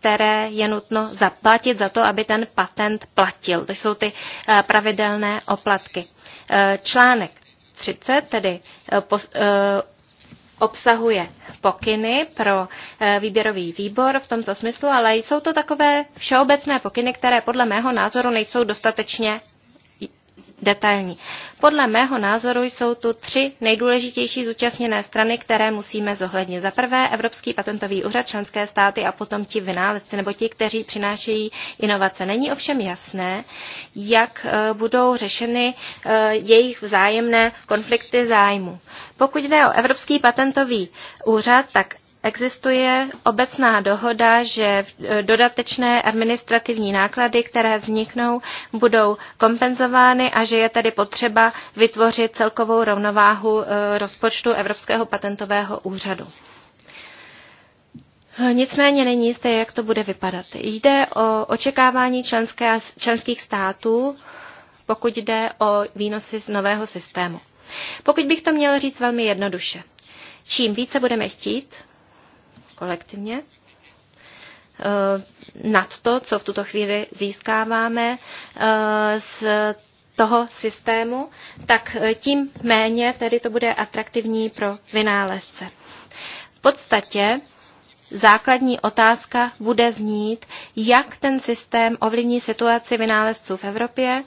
které je nutno zaplatit za to, aby ten patent platil. To jsou ty e, pravidelné oplatky. E, článek 30 tedy obsahuje pokyny pro výběrový výbor v tomto smyslu, ale jsou to takové všeobecné pokyny, které podle mého názoru nejsou dostatečně detailní. Podle mého názoru jsou tu tři nejdůležitější zúčastněné strany, které musíme zohlednit. Za prvé Evropský patentový úřad, členské státy a potom ti vynálezci nebo ti, kteří přinášejí inovace. Není ovšem jasné, jak eh, budou řešeny eh, jejich vzájemné konflikty zájmu. Pokud jde o Evropský patentový úřad, tak Existuje obecná dohoda, že eh, dodatečné administrativní náklady, které vzniknou, budou kompenzovány a že je tedy potřeba vytvořit celkovou rovnováhu eh, rozpočtu Evropského patentového úřadu. Nicméně není jisté, jak to bude vypadat. Jde o očekávání členské, členských států, pokud jde o výnosy z nového systému. Pokud bych to měl říct velmi jednoduše, čím více budeme chtít, kolektivně eh, nad to, co v tuto chvíli získáváme eh, z toho systému, tak eh, tím méně tedy to bude atraktivní pro vynálezce. V podstatě základní otázka bude znít, jak ten systém ovlivní situaci vynálezců v Evropě,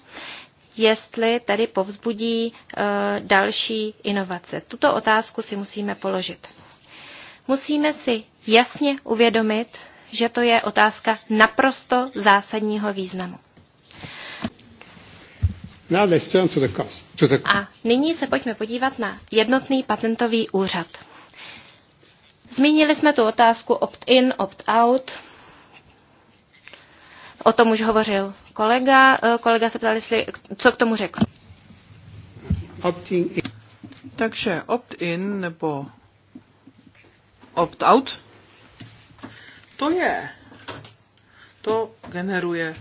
jestli tedy povzbudí další inovace. Tuto otázku si musíme položit. Musíme si jasně uvědomit, že to je otázka naprosto zásadního významu. A nyní se pojďme podívat na jednotný patentový úřad. Zmínili jsme tu otázku opt-in, opt-out. O tom už hovořil kolega. Eh, kolega se ptal, jestli, co k tomu řekl. Takže opt-in nebo opt-out, to je, to generuje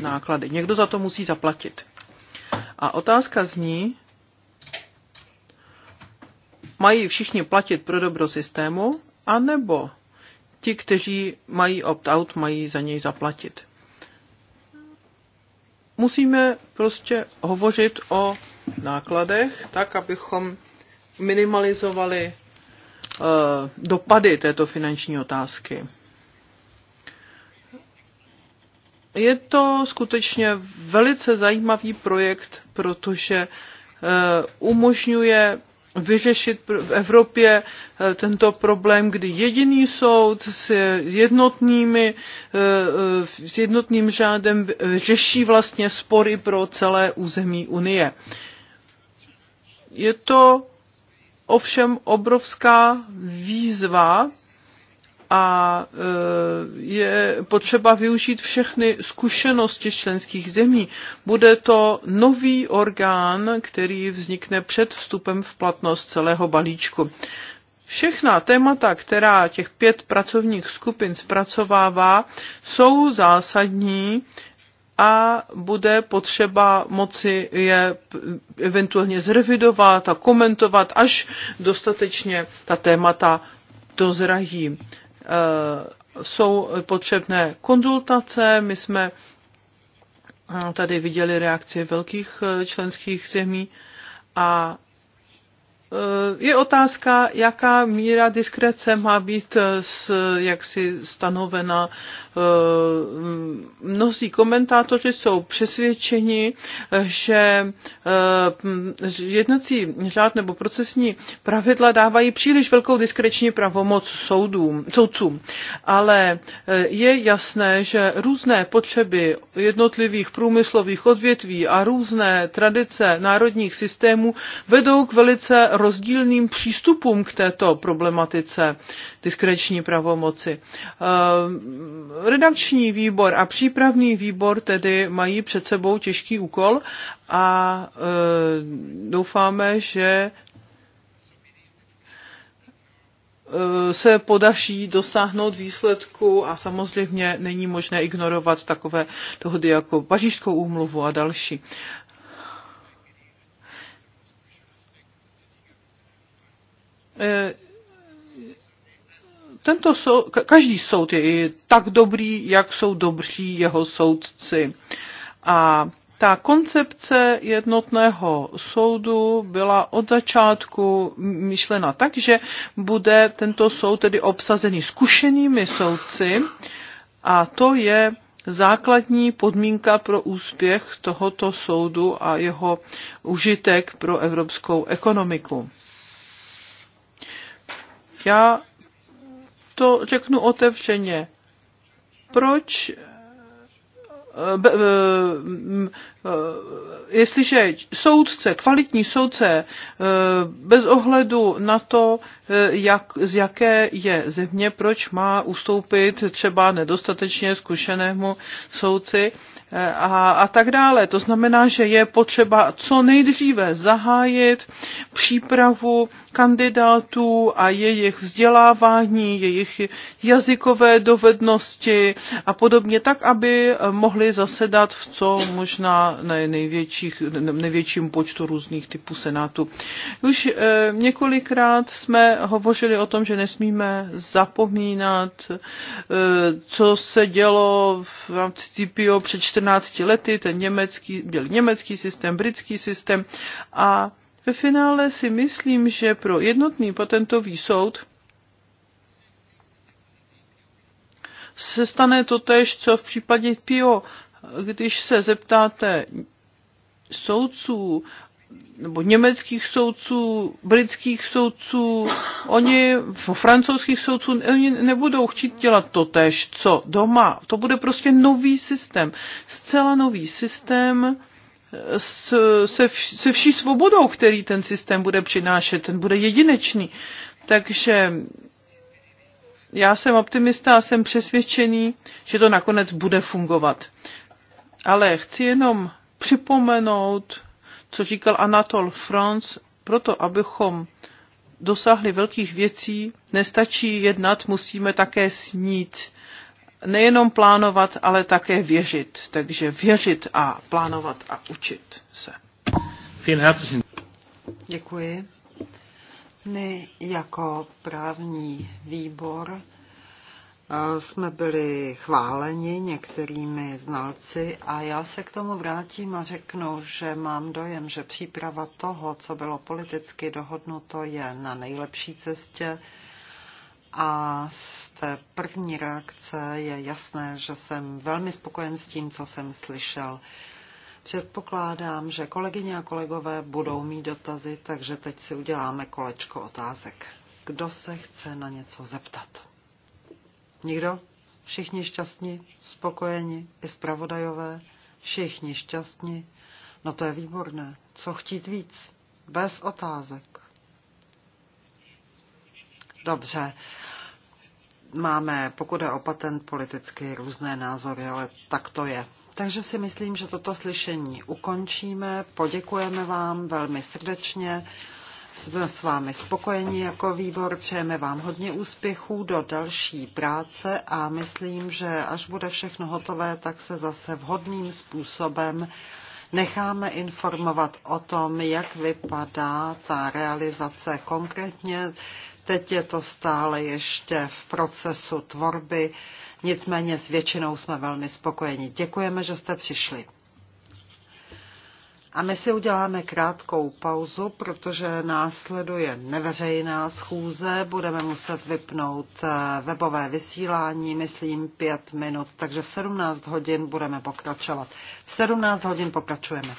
náklady. Někdo za to musí zaplatit. A otázka zní, mají všichni platit pro dobro systému, anebo ti, kteří mají opt-out, mají za něj zaplatit. Musíme prostě hovořit o nákladech tak, abychom minimalizovali Eh, dopady této finanční otázky. Je to skutečně velice zajímavý projekt, protože eh, umožňuje vyřešit v Evropě eh, tento problém, kdy jediný soud s, jednotnými, s jednotným řádem řeší vlastně spory pro celé území Unie. Je to ovšem obrovská výzva a e, je potřeba využít všechny zkušenosti členských zemí. Bude to nový orgán, který vznikne před vstupem v platnost celého balíčku. Všechna témata, která těch pět pracovních skupin zpracovává, jsou zásadní a bude potřeba moci je eventuálně zrevidovat a komentovat, až dostatečně ta témata dozrají. E, jsou potřebné konzultace, my jsme e, tady viděli reakci velkých e, členských zemí a Eh, je otázka, jaká míra diskrece má být eh, s, jaksi stanovena. Eh, mnozí komentátoři jsou přesvědčeni, že jednací řád nebo procesní pravidla dávají příliš velkou diskreční pravomoc soudům, soudcům. Ale je jasné, že různé potřeby jednotlivých průmyslových odvětví a různé tradice národních systémů vedou k velice rozdílným přístupům k této problematice diskreční pravomoci. Eh, redakční výbor a přípravný výbor tedy mají před sebou těžký úkol a eh, doufáme, že eh, se podaří dosáhnout výsledku a samozřejmě není možné ignorovat takové dohody jako Pařížskou úmluvu a další. Eh, tento soud, každý soud je tak dobrý, jak jsou dobří jeho soudci. A ta koncepce jednotného soudu byla od začátku myšlena tak, že bude tento soud tedy obsazený zkušenými soudci a to je základní podmínka pro úspěch tohoto soudu a jeho užitek pro evropskou ekonomiku. Já to řeknu otevřeně. Proč Eh, eh, eh, jestliže soudce, kvalitní soudce, bez ohledu na to, jak, z jaké je země, proč má ustoupit třeba nedostatečně zkušenému soudci a, a tak dále. To znamená, že je potřeba co nejdříve zahájit přípravu kandidátů a jejich vzdělávání, jejich jazykové dovednosti a podobně, tak, aby mohli měli zasedat v co možná největších, největším počtu různých typů senátů. Už eh, několikrát jsme hovořili o tom, že nesmíme zapomínat, eh, co se dělo v rámci CPO před 14 lety, ten německý, byl německý systém, britský systém a ve finále si myslím, že pro jednotný patentový soud se stane to tež, co v případě PIO. Když se zeptáte soudců, nebo německých soudců, britských soudců, oni, francouzských soudců, oni nebudou chtít dělat to tež, co doma. To bude prostě nový systém, zcela nový systém eh, s, se, vš, se vší svobodou, který ten systém bude přinášet, ten bude jedinečný. Takže já jsem optimista a jsem přesvědčený, že to nakonec bude fungovat. Ale chci jenom připomenout, co říkal Anatol Franz, proto abychom dosáhli velkých věcí, nestačí jednat, musíme také snít. Nejenom plánovat, ale také věřit. Takže věřit a plánovat a učit se. Děkuji. My jako právní výbor e, jsme byli chváleni některými znalci a já se k tomu vrátím a řeknu, že mám dojem, že příprava toho, co bylo politicky dohodnuto, je na nejlepší cestě a z té první reakce je jasné, že jsem velmi spokojen s tím, co jsem slyšel. Předpokládám, že kolegyně a kolegové budou mít dotazy, takže teď si uděláme kolečko otázek. Kdo se chce na něco zeptat? Nikdo? Všichni šťastní, spokojeni, i zpravodajové? Všichni šťastní? No to je výborné. Co chtít víc? Bez otázek. Dobře máme, pokud je o patent, politicky různé názory, ale tak to je. Takže si myslím, že toto slyšení ukončíme. Poděkujeme vám velmi srdečně. Jsme s vámi spokojeni jako výbor, přejeme vám hodně úspěchů do další práce a myslím, že až bude všechno hotové, tak se zase vhodným způsobem necháme informovat o tom, jak vypadá ta realizace konkrétně. Teď je to stále ještě v procesu tvorby Nicméně s většinou jsme velmi spokojeni. Děkujeme, že jste přišli. A my si uděláme krátkou pauzu, protože následuje neveřejná schůze. Budeme muset vypnout eh, webové vysílání, myslím, pět minut. Takže v 17 hodin budeme pokračovat. V 17 hodin pokračujeme.